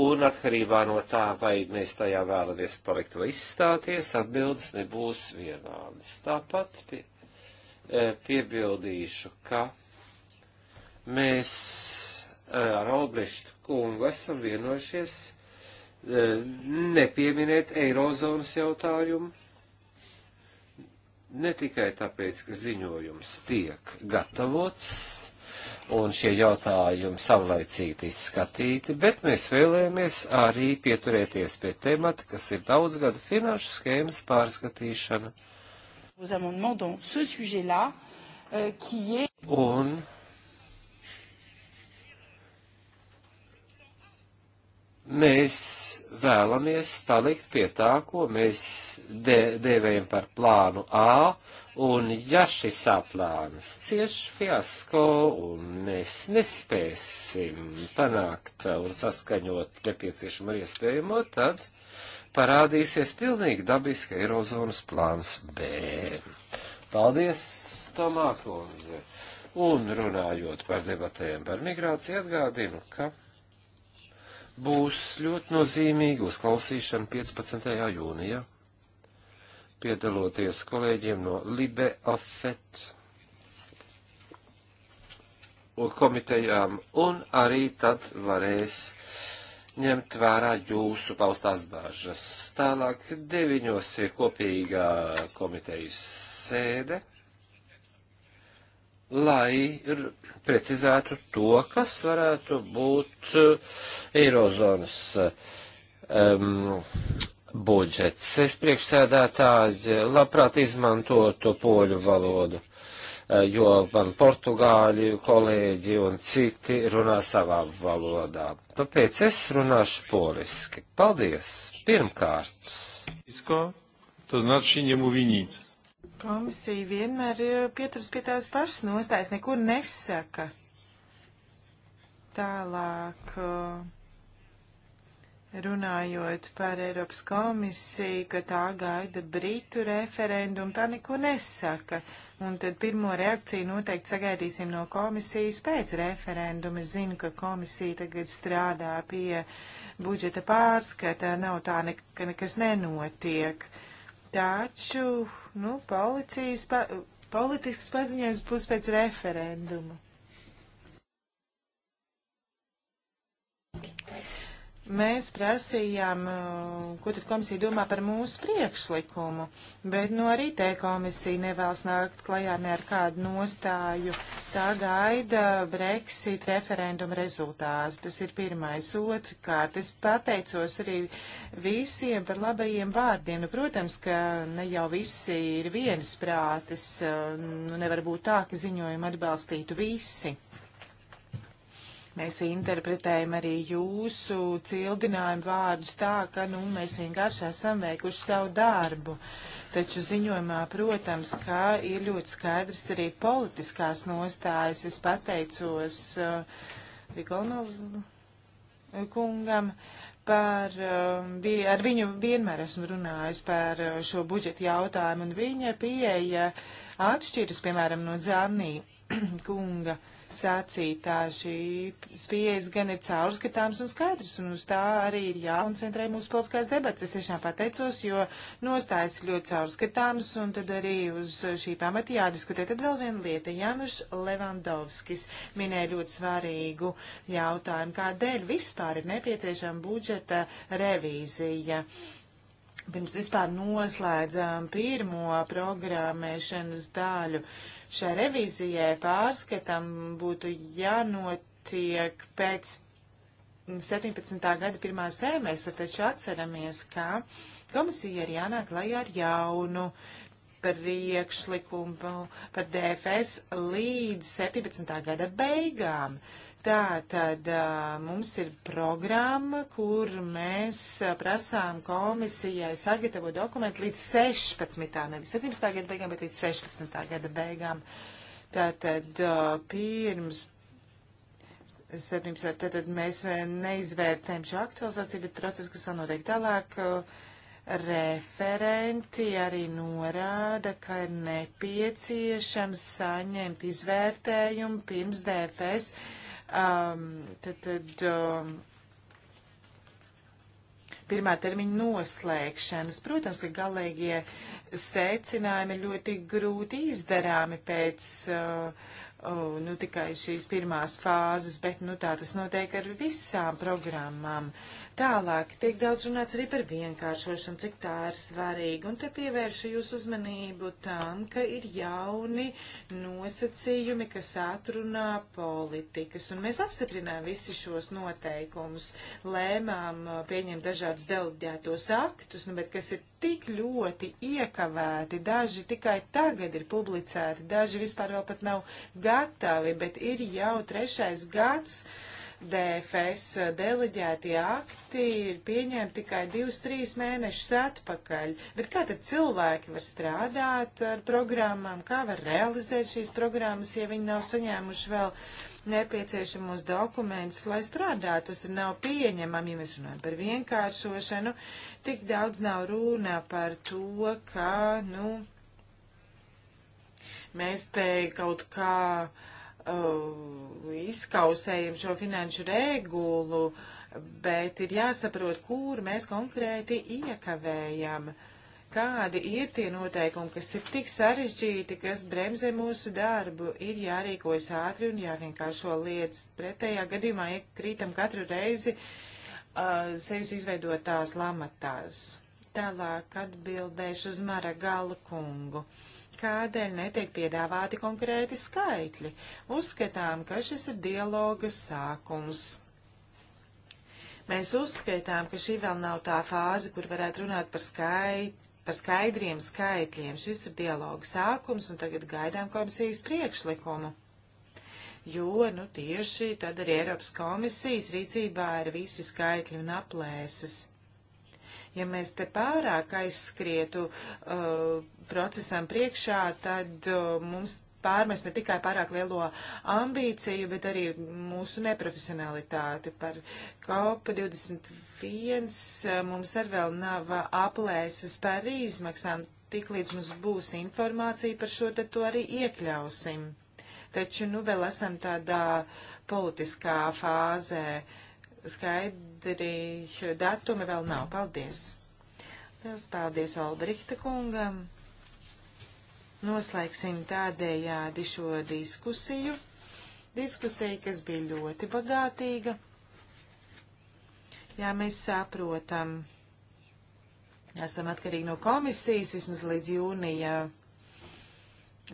un atkarībā no tā, vai mēs tajā vēlamies palikt vai izstāties, atbildes nebūs vienādas. Tāpat pie E, piebildīšu, ka mēs e, ar Albrecht kungu esam vienojušies e, nepieminēt eirozonas jautājumu. Ne tikai tāpēc, ka ziņojums tiek gatavots un šie jautājumi savlaicīgi izskatīti, bet mēs vēlēmies arī pieturēties pie temata, kas ir daudzgada finanšu schēmas pārskatīšana vos amendements dans ce sujet-là, euh, qui est. Un. Mēs vēlamies palikt pie tā, ko mēs de devējam par plānu A, un ja šis aplāns cieš fiasko un mēs nespēsim panākt un saskaņot nepieciešamo iespējamo, tad parādīsies pilnīgi dabiski Eirozonas plāns B. Paldies, Tomā Konze! Un runājot par debatēm par migrāciju, atgādinu, ka būs ļoti nozīmīga uzklausīšana 15. jūnijā, piedaloties kolēģiem no Libe Afet un komitejām, un arī tad varēs ņemt vērā jūsu paustās bāžas. Tālāk deviņos ir kopīgā komitejas sēde, lai precizētu to, kas varētu būt eh, Eirozonas um, budžets. Es priekšsēdētāji eh, labprāt izmantotu poļu valodu. Eh, jo man portugāļi kolēģi un citi runā savā valodā. Tāpēc es runāšu poliski. Paldies! Pirmkārt. Isko, tas znači ņemuvinīts. Komisija vienmēr eh, pieturas pie tās pašas nostājas, nekur nesaka. Tālāk. Uh runājot par Eiropas komisiju, ka tā gaida Britu referendumu, tā neko nesaka. Un tad pirmo reakciju noteikti sagaidīsim no komisijas pēc referenduma. Es zinu, ka komisija tagad strādā pie budžeta pārskata, nav tā, ne, ka nekas nenotiek. Taču, nu, policijas, pa, politisks paziņojums būs pēc referenduma. Mēs prasījām, ko tad komisija domā par mūsu priekšlikumu, bet no nu, arī te komisija nevēlas nākt klajā ne ar kādu nostāju. Tā gaida Brexit referendumu rezultātu. Tas ir pirmais. Otrkārt, es pateicos arī visiem par labajiem vārdiem. Nu, protams, ka ne jau visi ir vienas prātes. Nu, nevar būt tā, ka ziņojumu atbalstītu visi. Mēs interpretējam arī jūsu cildinājumu vārdus tā, ka nu, mēs vienkārši esam veikuši savu darbu. Taču ziņojumā, protams, ka ir ļoti skaidrs arī politiskās nostājas. Es pateicos uh, Vigolmels uh, kungam par, uh, vi, ar viņu vienmēr esmu runājis par uh, šo budžetu jautājumu, un viņa pieeja atšķiras, piemēram, no Zanī kunga. Uh, sacītā. Šī pieejas gan ir caurskatāms un skaidrs, un uz tā arī ir jākoncentrē mūsu politiskās debats. Es tiešām pateicos, jo nostājas ļoti caurskatāms, un tad arī uz šī pamata jādiskutē. Tad vēl viena lieta. Januš Levandovskis minēja ļoti svarīgu jautājumu, kādēļ vispār ir nepieciešama budžeta revīzija. Pirms vispār noslēdzām pirmo programmēšanas daļu. Uh, šai revīzijai pārskatam būtu jānotiek pēc 17. gada pirmā semestra, taču atceramies, ka komisija ir jānāk klajā ar jaunu priekšlikumu par DFS līdz 17. gada beigām. Uh, Tā tad mums ir programma, kur mēs prasām komisijai sagatavot dokumentu līdz 16. nevis 17. gada beigām, bet līdz 16. gada beigām. Tātad pirms 17. Tātad mēs neizvērtējam šo aktualizāciju, bet procesu, kas vēl notiek tālāk, referenti arī norāda, ka ir nepieciešams saņemt izvērtējumu pirms DFS Um, tad, tad um, pirmā termiņa noslēgšanas. Protams, ka galīgie secinājumi ļoti grūti izdarāmi pēc uh, uh, nu, tikai šīs pirmās fāzes, bet nu, tā tas notiek ar visām programmām. Uh, Tālāk tiek daudz runāts arī par vienkāršošanu, cik tā ir svarīga, un te pievēršu jūs uzmanību tam, ka ir jauni nosacījumi, kas atrunā politikas, un mēs apstiprinām visi šos noteikumus, lēmām uh, pieņemt dažādus deleģētos aktus, nu, bet kas ir tik ļoti iekavēti, daži tikai tagad ir publicēti, daži vispār vēl pat nav gatavi, bet ir jau trešais gads. Uh, DFS deleģētie akti ir pieņemti tikai 2-3 mēnešus atpakaļ. Bet kā tad cilvēki var strādāt ar programmām, kā var realizēt šīs programmas, ja viņi nav saņēmuši vēl nepieciešamos dokumentus, lai strādātu? Tas nav pieņemami, ja mēs runājam par vienkāršošanu. Tik daudz nav runa par to, ka, nu, mēs te kaut kā. Uh, uh, izkausējam šo finanšu regulu, bet ir jāsaprot, kur mēs konkrēti iekavējam. Kādi ir tie noteikumi, kas ir tik sarežģīti, kas bremzē mūsu darbu, ir jārīkojas ātri un jāvienkāršo lietas. Pretējā gadījumā iekrītam katru reizi uh, sevis izveidotās lamatās. Tālāk atbildēšu uz Mara Galkungu. kungu kādēļ netiek piedāvāti konkrēti skaitļi. Uzskatām, ka šis ir dialoga sākums. Mēs uzskaitām, ka šī vēl nav tā fāze, kur varētu runāt par, skait, par skaidriem skaitļiem. Šis ir dialoga sākums, un tagad gaidām komisijas priekšlikumu. Jo, nu, tieši tad arī Eiropas komisijas rīcībā ir visi skaitļi un aplēses. Ja mēs te pārāk aizskrietu uh, procesam priekšā, tad uh, mums pārmest ne tikai pārāk lielo ambīciju, bet arī mūsu neprofesionalitāti. Par COP21 uh, mums ar vēl nav aplēses par izmaksām. Tik līdz mums būs informācija par šo, tad to arī iekļausim. Taču nu vēl esam tādā politiskā fāzē. Uh, skaidri datumi vēl nav. Paldies! Liels paldies Albrihta kungam! Noslēgsim tādējādi šo diskusiju. Diskusija, kas bija ļoti bagātīga. Jā, mēs saprotam. Esam atkarīgi no komisijas vismaz līdz jūnija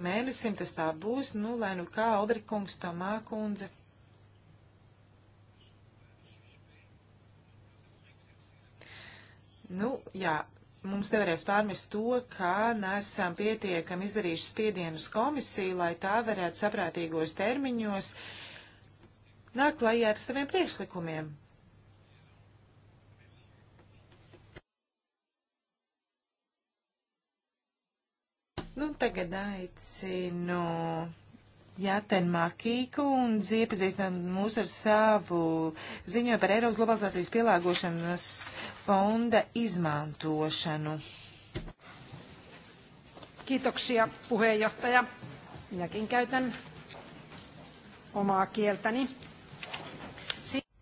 mēnesim. Tas tā būs. Nu, lai nu kā Aldrikungs, Tomā kundze. Nu, jā, mums nevarēs pārmest to, ka nesam pietiekami izdarījuši spiedienus komisiju, lai tā varētu saprātīgos termiņos nākt klajā ar saviem priekšlikumiem. Nu, tagad aicinu Jātenmakī kundzi iepazīstināt mūs ar savu ziņojumu par Eiropas globalizācijas pielāgošanas fonda izmantošanu. Kiitoksia puheenjohtaja. Minäkin käytän omaa kieltäni.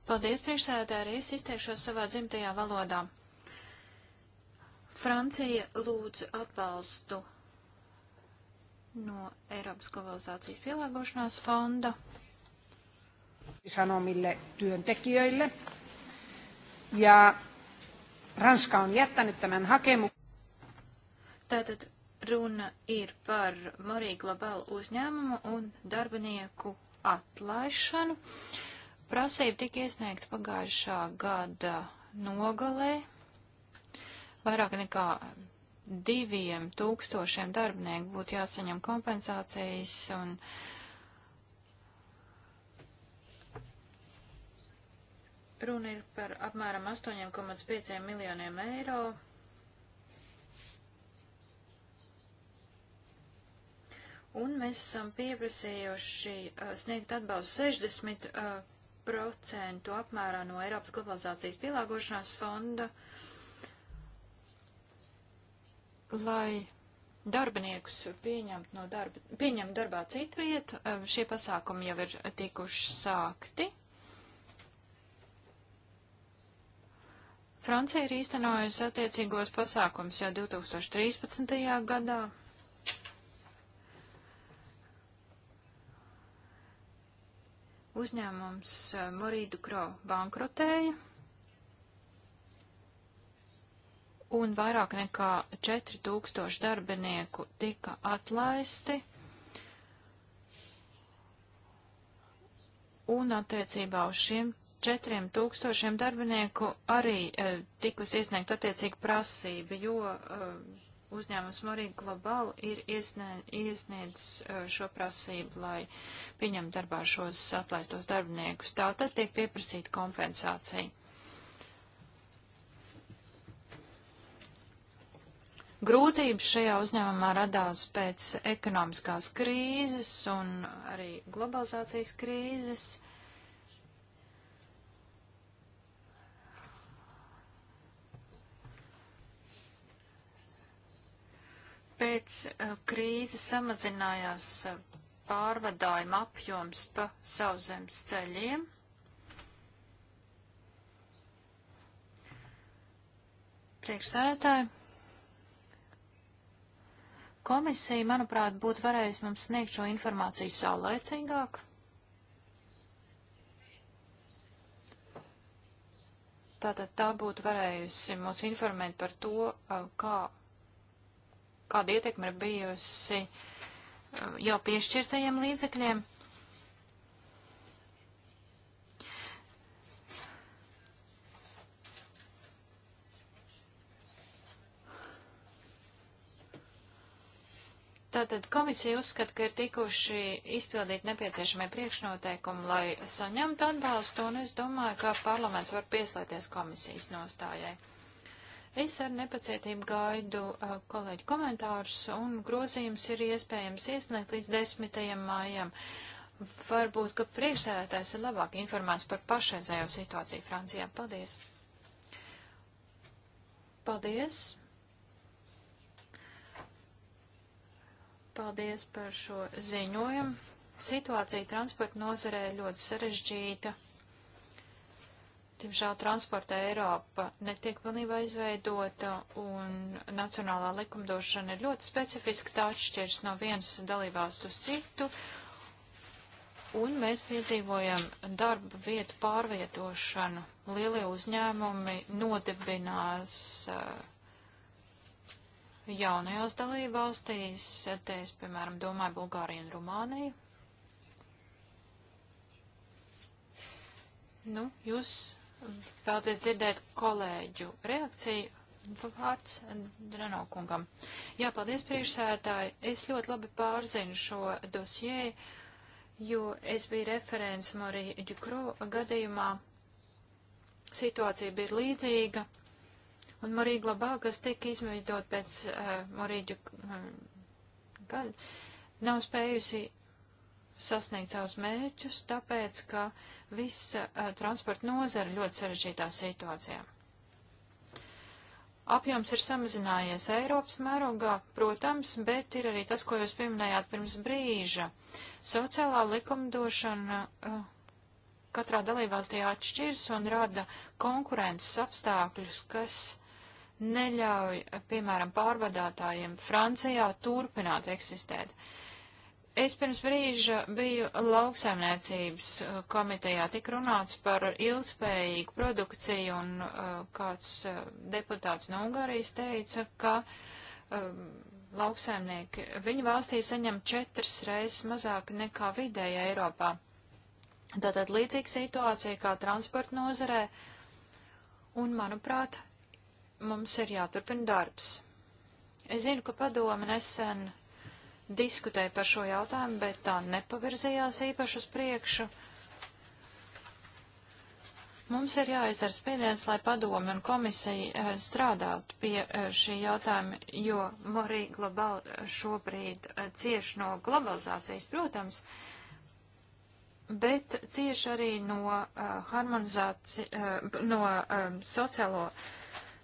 Paldies, priekšsēdētāji, arī es izteikšos savā dzimtajā valodā. Francija lūdz atbalstu no Eiropas globalizācijas pielāgošanās fonda. Sanomille työntekijöille. Ja Ranska on jättänyt tämän hakemuksen. Tātad runa ir par Morī globālu uzņēmumu un darbinieku atlaišanu. Prasība tika iesniegta pagājušā gada nogalē. Vairāk nekā diviem tūkstošiem darbinieku būtu jāsaņem kompensācijas un uh, Runa ir par apmēram 8,5 miljoniem eiro. Un mēs esam pieprasījuši uh, sniegt atbalstu 60 uh, procentu apmērā no Eiropas globalizācijas pielāgošanās fonda, lai darbiniekus pieņemt no darba, pieņemt darbā citu vietu. Um, šie pasākumi jau ir tikuši sākti. Francija ir īstenojusi attiecīgos pasākums jau 2013. gadā. Uzņēmums eh, Morīdu Kro bankrotēja un vairāk nekā 4000 darbinieku tika atlaisti. Un attiecībā uz šiem 4000 darbinieku arī e, tikus iesniegt attiecīgi prasība, jo e, uzņēmums Morīga Global ir iesniedzis e, eh, šo prasību, lai pieņem darbā šos atlaistos darbiniekus. Tātad tiek pieprasīta kompensācija. Grūtības šajā uzņēmumā radās pēc ekonomiskās krīzes un arī globalizācijas krīzes. Pēc eh, krīzes samazinājās eh, pārvadājuma apjoms pa sauszemes ceļiem. Priekšsēdētāji, komisija, manuprāt, būtu varējusi mums sniegt šo informāciju saulēcīgāk. Tātad tā būtu varējusi mūs informēt par to, eh, kā kāda ietekme ir bijusi um, jau piešķirtajiem līdzekļiem. Tātad komisija uzskata, ka ir tikuši izpildīt nepieciešamie priekšnoteikumi, lai saņemtu atbalstu, un es domāju, ka parlaments var pieslēties komisijas nostājai. Es ar nepacietību gaidu uh, kolēģi komentārus un grozījums ir iespējams iesniegt līdz 10. mājām. Varbūt, ka priekšsēdētājs ir labāk informēts par pašreizējo situāciju Francijā. Paldies! Paldies! Paldies par šo ziņojumu. Situācija transporta nozarē ļoti sarežģīta. Diemžēl transporta Eiropa netiek pilnībā izveidota un nacionālā likumdošana ir ļoti specifiska, tā atšķiras no vienas dalībās uz citu. Un mēs piedzīvojam darba vietu pārvietošanu. Lielie uzņēmumi nodibinās uh, jaunajās dalībvalstīs, te es, piemēram, domāju Bulgāriju un Rumāniju. Nu, jūs vēlties dzirdēt kolēģu reakciju. Vārds Dreno kungam. Jā, paldies priekšsētāji. Es ļoti labi pārzinu šo dosjē, jo es biju referents Marija Ģukro gadījumā. Situācija bija līdzīga, un Marija Glabā, kas tika izveidot pēc uh, eh, Marija Ģukro eh, gada, nav spējusi sasniegt savus mērķus, tāpēc, ka uh, visa uh, transporta nozara ļoti sarežģītā situācijā. Apjoms ir samazinājies Eiropas mērogā, protams, bet ir arī tas, ko jūs pieminējāt pirms brīža. Sociālā likumdošana uh, katrā dalībvalstī atšķirs un rada konkurences apstākļus, kas neļauj, piemēram, pārvadātājiem Francijā turpināt eksistēt. Uh, Es pirms brīža biju lauksaimniecības uh, komitejā, tik runāts par ilgspējīgu produkciju, un uh, kāds uh, deputāts no Ungārijas teica, ka um, lauksaimnieki viņu valstī saņem četras reizes mazāk nekā vidēja Eiropā. Tātad līdzīga situācija kā transporta nozarē, un, manuprāt, mums ir jāturpina darbs. Es zinu, ka padome nesen diskutēja par šo jautājumu, bet tā nepavirzījās īpaši uz priekšu. Mums ir jāizdara spiediens, lai padomi un komisija eh, strādātu pie eh, šī jautājuma, jo Morī Global šobrīd eh, cieš no globalizācijas, protams, bet cieši arī no uh, harmonizācijas, uh, no um, sociālo,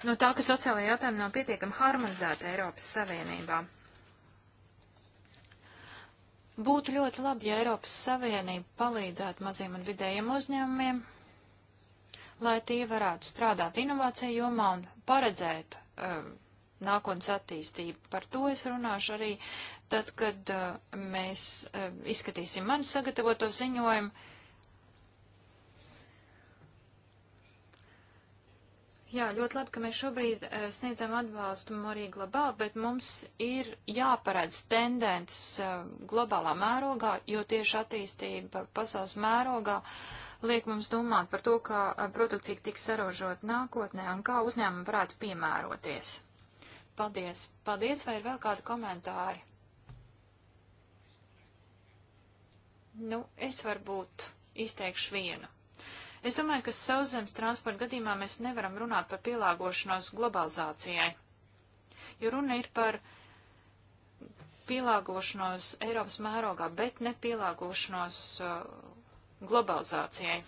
no tā, ka sociālajā jautājumā nav pietiekami harmonizēta Eiropas Savienībā. Būtu ļoti labi, ja Eiropas Savienība palīdzētu maziem un vidējiem uzņēmumiem, lai tie varētu strādāt inovāciju jomā un paredzēt um, nākotnes attīstību. Par to es runāšu arī tad, kad uh, mēs uh, izskatīsim manu sagatavoto ziņojumu. Jā, ļoti labi, ka mēs šobrīd uh, sniedzam atbalstu Morī globāli, bet mums ir jāparedz tendences uh, globālā mērogā, jo tieši attīstība pasaules mērogā liek mums domāt par to, kā uh, produkcija tiks sarožot nākotnē un kā uzņēmumi varētu piemēroties. Paldies. Paldies, vai ir vēl kādi komentāri? Nu, es varbūt izteikšu vienu. Es domāju, ka sauszemes transporta gadījumā mēs nevaram runāt par pielāgošanos globalizācijai, jo runa ir par pielāgošanos Eiropas mērogā, bet ne pielāgošanos uh, globalizācijai.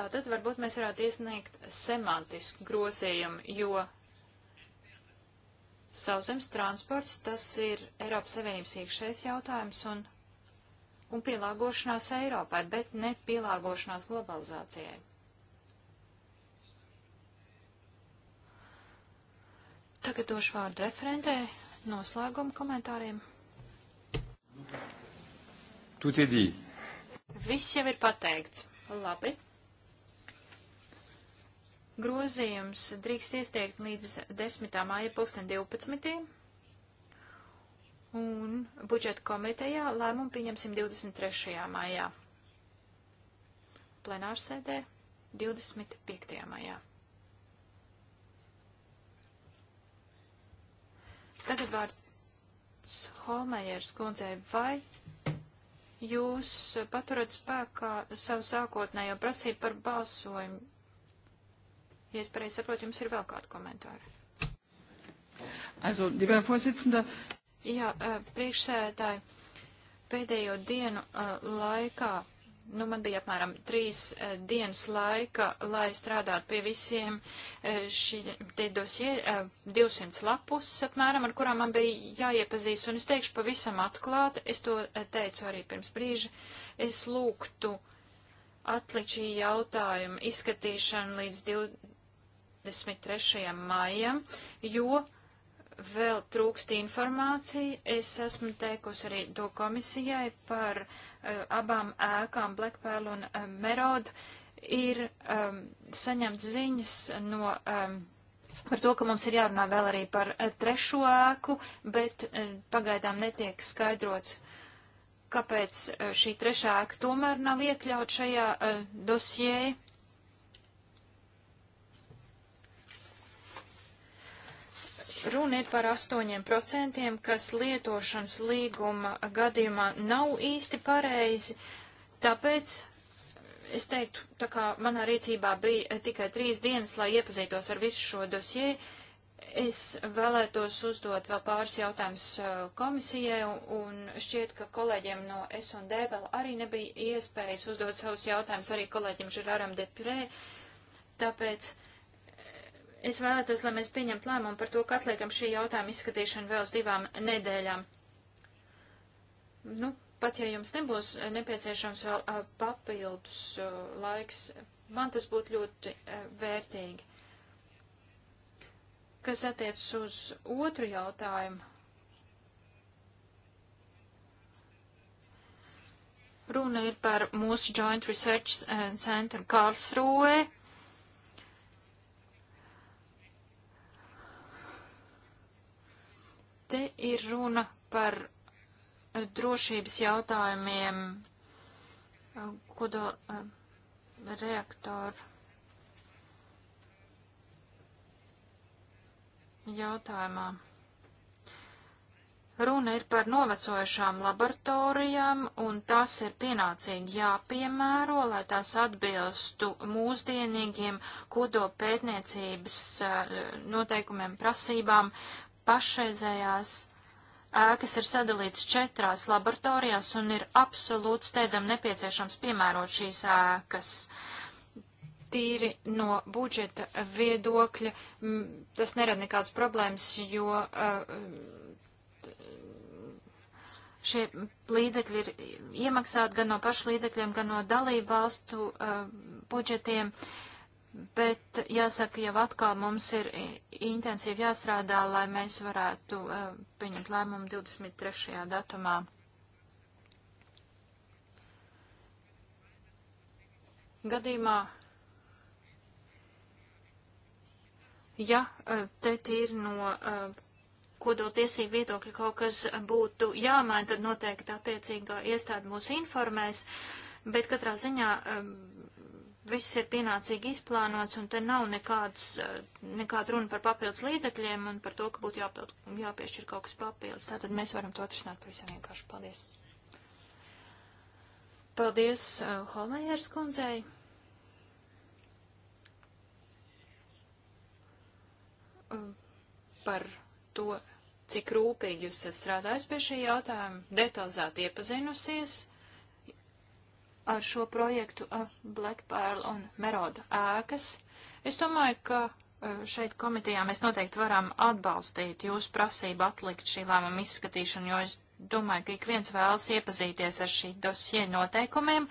Tātad varbūt mēs varētu iesniegt semantisku grozījumu, jo sauszemes transports tas ir Eiropas Savienības iekšējais jautājums un un pielāgošanās Eiropai, bet ne pielāgošanās globalizācijai. Tagad došu vārdu referentē noslēguma komentāriem. Tu te dī. Viss jau ir pateikts. Labi. Grozījums drīkst iestiekt līdz 10. māja pusdien 12 un budžeta komitejā lēmumu pieņemsim 23. maijā. Plenārsēdē 25. maijā. Tagad vārds Holmējers kundzei, vai jūs paturat spēkā savu sākotnējo prasību par balsojumu? Ja es pareizi saprotu, jums ir vēl kādi komentāri. Also, lieber Herr Vorsitzender, Jā, priekšsēdētāji, pēdējo dienu laikā, nu man bija apmēram trīs dienas laika, lai strādātu pie visiem šī te dosie, 200 lapus apmēram, ar kurām man bija jāiepazīst, un es teikšu pavisam atklāti, es to teicu arī pirms brīža, es lūgtu atlikt šī jautājuma izskatīšanu līdz 23. maijam, jo vēl trūkst informācija. Es esmu teikusi arī to komisijai par uh, abām ēkām, Blackpearl un uh, Merod, ir um, saņemts ziņas no. Um, Par to, ka mums ir jārunā vēl arī par uh, trešo ēku, bet uh, pagaidām netiek skaidrots, kāpēc uh, šī trešā ēka tomēr nav iekļaut šajā dosjē. Runa ir par 8%, kas lietošanas līguma gadījumā nav īsti pareizi, tāpēc es teiktu, tā kā manā rīcībā bija tikai trīs dienas, lai iepazītos ar visu šo dosie, es vēlētos uzdot vēl pāris jautājumus uh, komisijai, un šķiet, ka kolēģiem no S&D vēl arī nebija iespējas uzdot savus jautājumus, arī kolēģiem Žerāram Deprē, tāpēc. Uh, Es vēlētos, lai mēs pieņemtu lēmumu par to, ka atliekam šī jautājuma izskatīšanu vēl uz divām nedēļām. Nu, pat ja jums nebūs eh, nepieciešams vēl uh, papildus uh, laiks, man tas būtu ļoti uh, vērtīgi. Kas attiec uz otru jautājumu, runa ir par mūsu Joint Research Center Karlsruhe. Te ir runa par eh, drošības jautājumiem eh, kodo eh, reaktoru jautājumā. Runa ir par novecojušām laboratorijām, un tas ir pienācīgi jāpiemēro, lai tās atbilstu mūsdienīgiem kodopētniecības noteikumiem, prasībām, pašreizējās ēkas ir sadalītas četrās laboratorijās un ir absolūti steidzam nepieciešams piemērot šīs ēkas. Tīri no budžeta viedokļa tas nerada nekādas problēmas, jo uh, šie līdzekļi ir iemaksāti gan no pašu līdzekļiem, gan no dalību valstu uh, budžetiem. Uh, Bet jāsaka, jau atkal mums ir intensīvi jāstrādā, lai mēs varētu uh, pieņemt lēmumu 23. datumā. Gadījumā, ja e, te ir no uh, kodoltiesību viedokļa kaut kas būtu jāmaina, tad noteikti attiecīgā iestāde mūs informēs, bet katrā ziņā um, viss ir pienācīgi izplānots, un te nav nekāds, eh, nekāda runa par papildus līdzekļiem un par to, ka būtu jāpild, jāpiešķir kaut kas papildus. Tātad mēs varam to atrisināt pavisam vienkārši. Paldies! Paldies uh, Holmējers kundzei! par to, cik rūpīgi jūs esat strādājis pie šī jautājuma, detalizēti iepazinusies ar šo projektu Black Pearl un Merodu ēkas. Es domāju, ka šeit komitejā mēs noteikti varam atbalstīt jūsu prasību atlikt šī lēmuma izskatīšanu, jo es domāju, ka ik viens vēlas iepazīties ar šī dosie noteikumiem.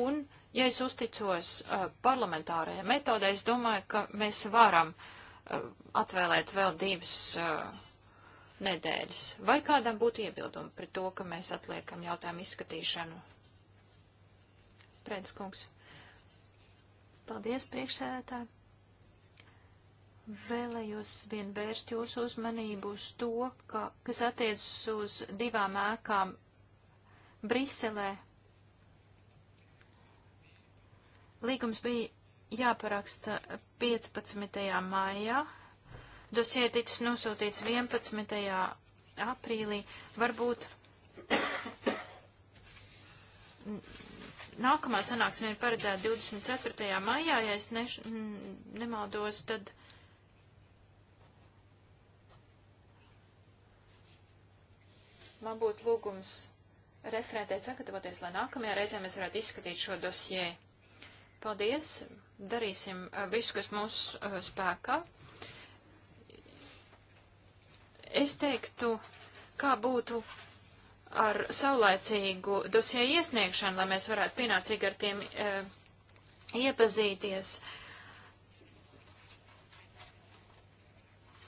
Un, ja es uzticos uh, parlamentārajai metodē, es domāju, ka mēs varam uh, atvēlēt vēl divas uh, nedēļas. Vai kādam būtu iebildumi pret to, ka mēs atliekam jautājumu izskatīšanu Prēdiskungs. Paldies, priekšsēdētāji! Vēlējos vien vērst jūsu uzmanību uz to, ka, kas attiecas uz divām ēkām Briselē. Līgums bija jāparaksta 15. maijā, dosie ticis nosūtīts 11. aprīlī. Varbūt Nākamā sanāksme ir paredzēta 24. maijā, ja es neš, m, nemaldos, tad. Man būtu lūgums referentēt sagatavoties, lai nākamajā reizē mēs varētu izskatīt šo dosjē. Paldies! Darīsim visu, kas mūsu uh, spēkā. Es teiktu, kā būtu ar saulaicīgu dosie iesniegšanu, lai mēs varētu pienācīgi ar tiem e, iepazīties.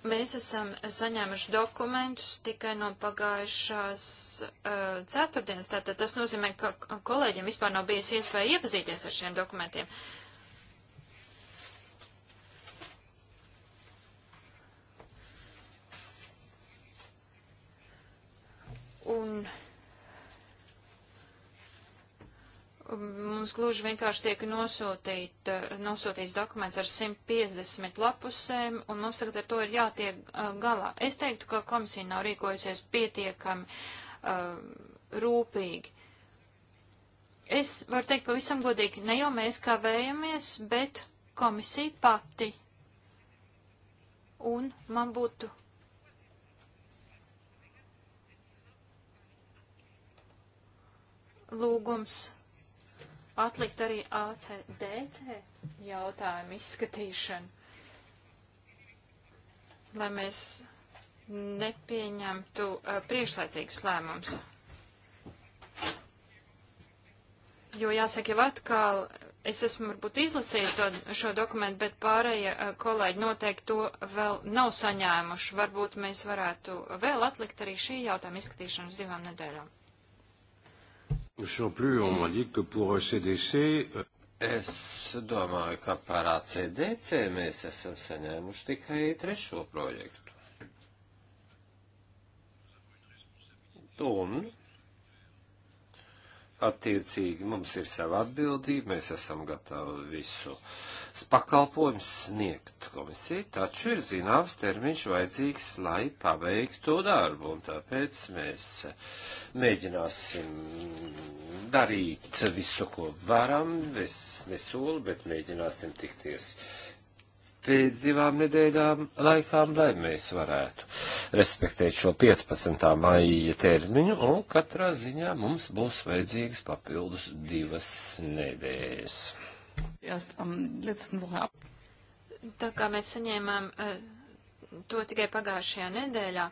Mēs esam saņēmuši dokumentus tikai no pagājušās uh, e, ceturtdienas, tātad tas nozīmē, ka kolēģiem vispār nav bijusi iespēja iepazīties ar šiem dokumentiem. Uh, Un mums gluži vienkārši tiek nosūtīt, eh, nosūtīts dokuments ar 150 lapusēm, un mums tagad ar to ir jātiek eh, galā. Es teiktu, ka komisija nav rīkojusies pietiekami uh, rūpīgi. Es varu teikt pavisam godīgi, ne jau mēs kavējamies, bet komisija pati. Un man būtu lūgums atlikt arī ACDC jautājumu izskatīšanu, lai mēs nepieņemtu uh, priekšlaicīgus lēmumus. Jo jāsaka jau atkal, es esmu varbūt izlasījis to, šo dokumentu, bet pārējie uh, kolēģi noteikti to vēl nav saņēmuši. Varbūt mēs varētu vēl atlikt arī šī jautājuma izskatīšanu uz divām nedēļām. Euh, es domāju, ka par ACDC mēs esam saņēmuši tikai trešo projektu. Un attiecīgi mums ir sava atbildība, mēs esam gatavi visu pakalpojumu sniegt komisiju, taču ir zināms termiņš vajadzīgs, lai paveiktu to darbu, un tāpēc mēs mēģināsim darīt visu, ko varam, es nesolu, bet mēģināsim tikties pēc divām nedēļām laikām, lai mēs varētu respektēt šo 15. maija termiņu, un katrā ziņā mums būs vajadzīgas papildus divas nedēļas. Tā kā mēs saņēmām eh, to tikai pagājušajā nedēļā,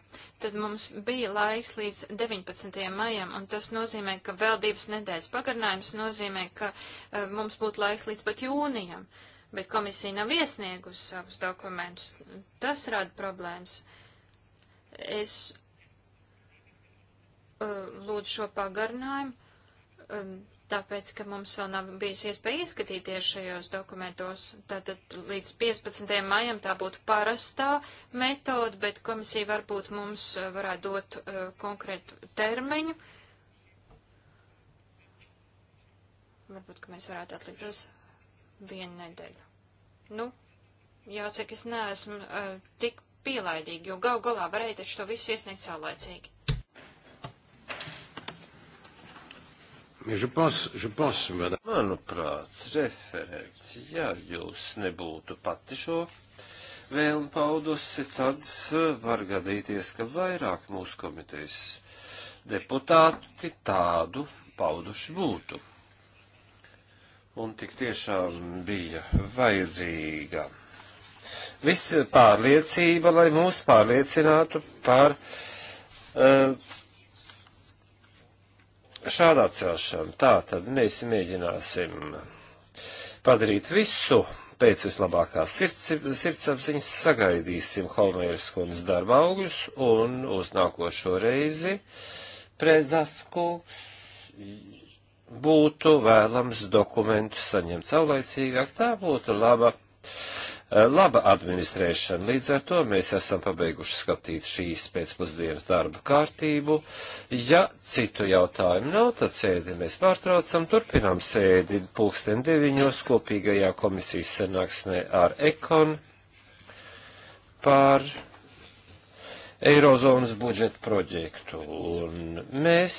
tad mums bija laiks līdz 19. maijam, un tas nozīmē, ka vēl divas nedēļas pagarinājums nozīmē, ka eh, mums būtu laiks līdz pat jūnijam. Uh, bet komisija nav iesniegusi savus dokumentus. Tas rada problēmas. Es uh, lūdzu šo pagarinājumu, um, tāpēc, ka mums vēl nav bijis iespēja ieskatīties šajos dokumentos. Tātad līdz 15. maijam tā būtu parastā metode, bet komisija varbūt mums uh, varētu dot uh, konkrētu termiņu. Varbūt, ka mēs varētu atlikt uz vienu nedēļu. Nu, jāsaka, es neesmu uh, tik pielaidīgi, jo gal galā varēja taču to visu iesniegt saulēcīgi. Je pense, je pense, madame. Manuprāt, referents, ja jūs nebūtu pati šo vēlmu paudusi, tad eh, var gadīties, ka vairāk mūsu komitejas deputāti tādu pauduši būtu un tik tiešām bija vajadzīga. Viss pārliecība, lai mūs pārliecinātu par uh, šādu atcelšanu. Tā tad mēs mēģināsim padarīt visu pēc vislabākās sirds, sirdsapziņas, sagaidīsim Holmēras kundas darba augļus un uz nākošo reizi Prezaskungs būtu vēlams dokumentu saņemt saulaicīgāk, tā būtu laba, eh, laba administrēšana. Līdz ar to mēs esam pabeiguši skatīt šīs pēcpusdienas darba kārtību. Ja citu jautājumu nav, tad sēdi mēs pārtraucam, turpinām sēdi pulksten deviņos kopīgajā komisijas sanāksmē ar Ekon par Eirozonas budžeta projektu. Un mēs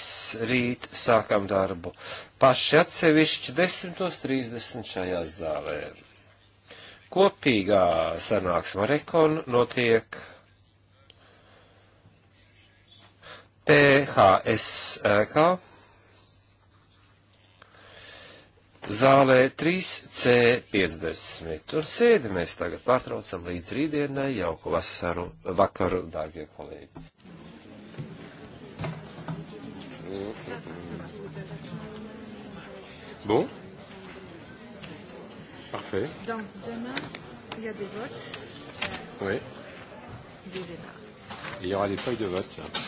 rīt sākam darbu paši atsevišķi 10.30 šajā zālē. Kopīgā sanāksma rekon notiek PHSK zālē 3C50. Un sēdi mēs tagad pārtraucam līdz rītdienai. Jauku vasaru, vakaru, dārgie kolēģi. Bon. Parfait. Donc demain, il y a des votes. Oui. Des débats. Et il y aura des feuilles de vote. Là.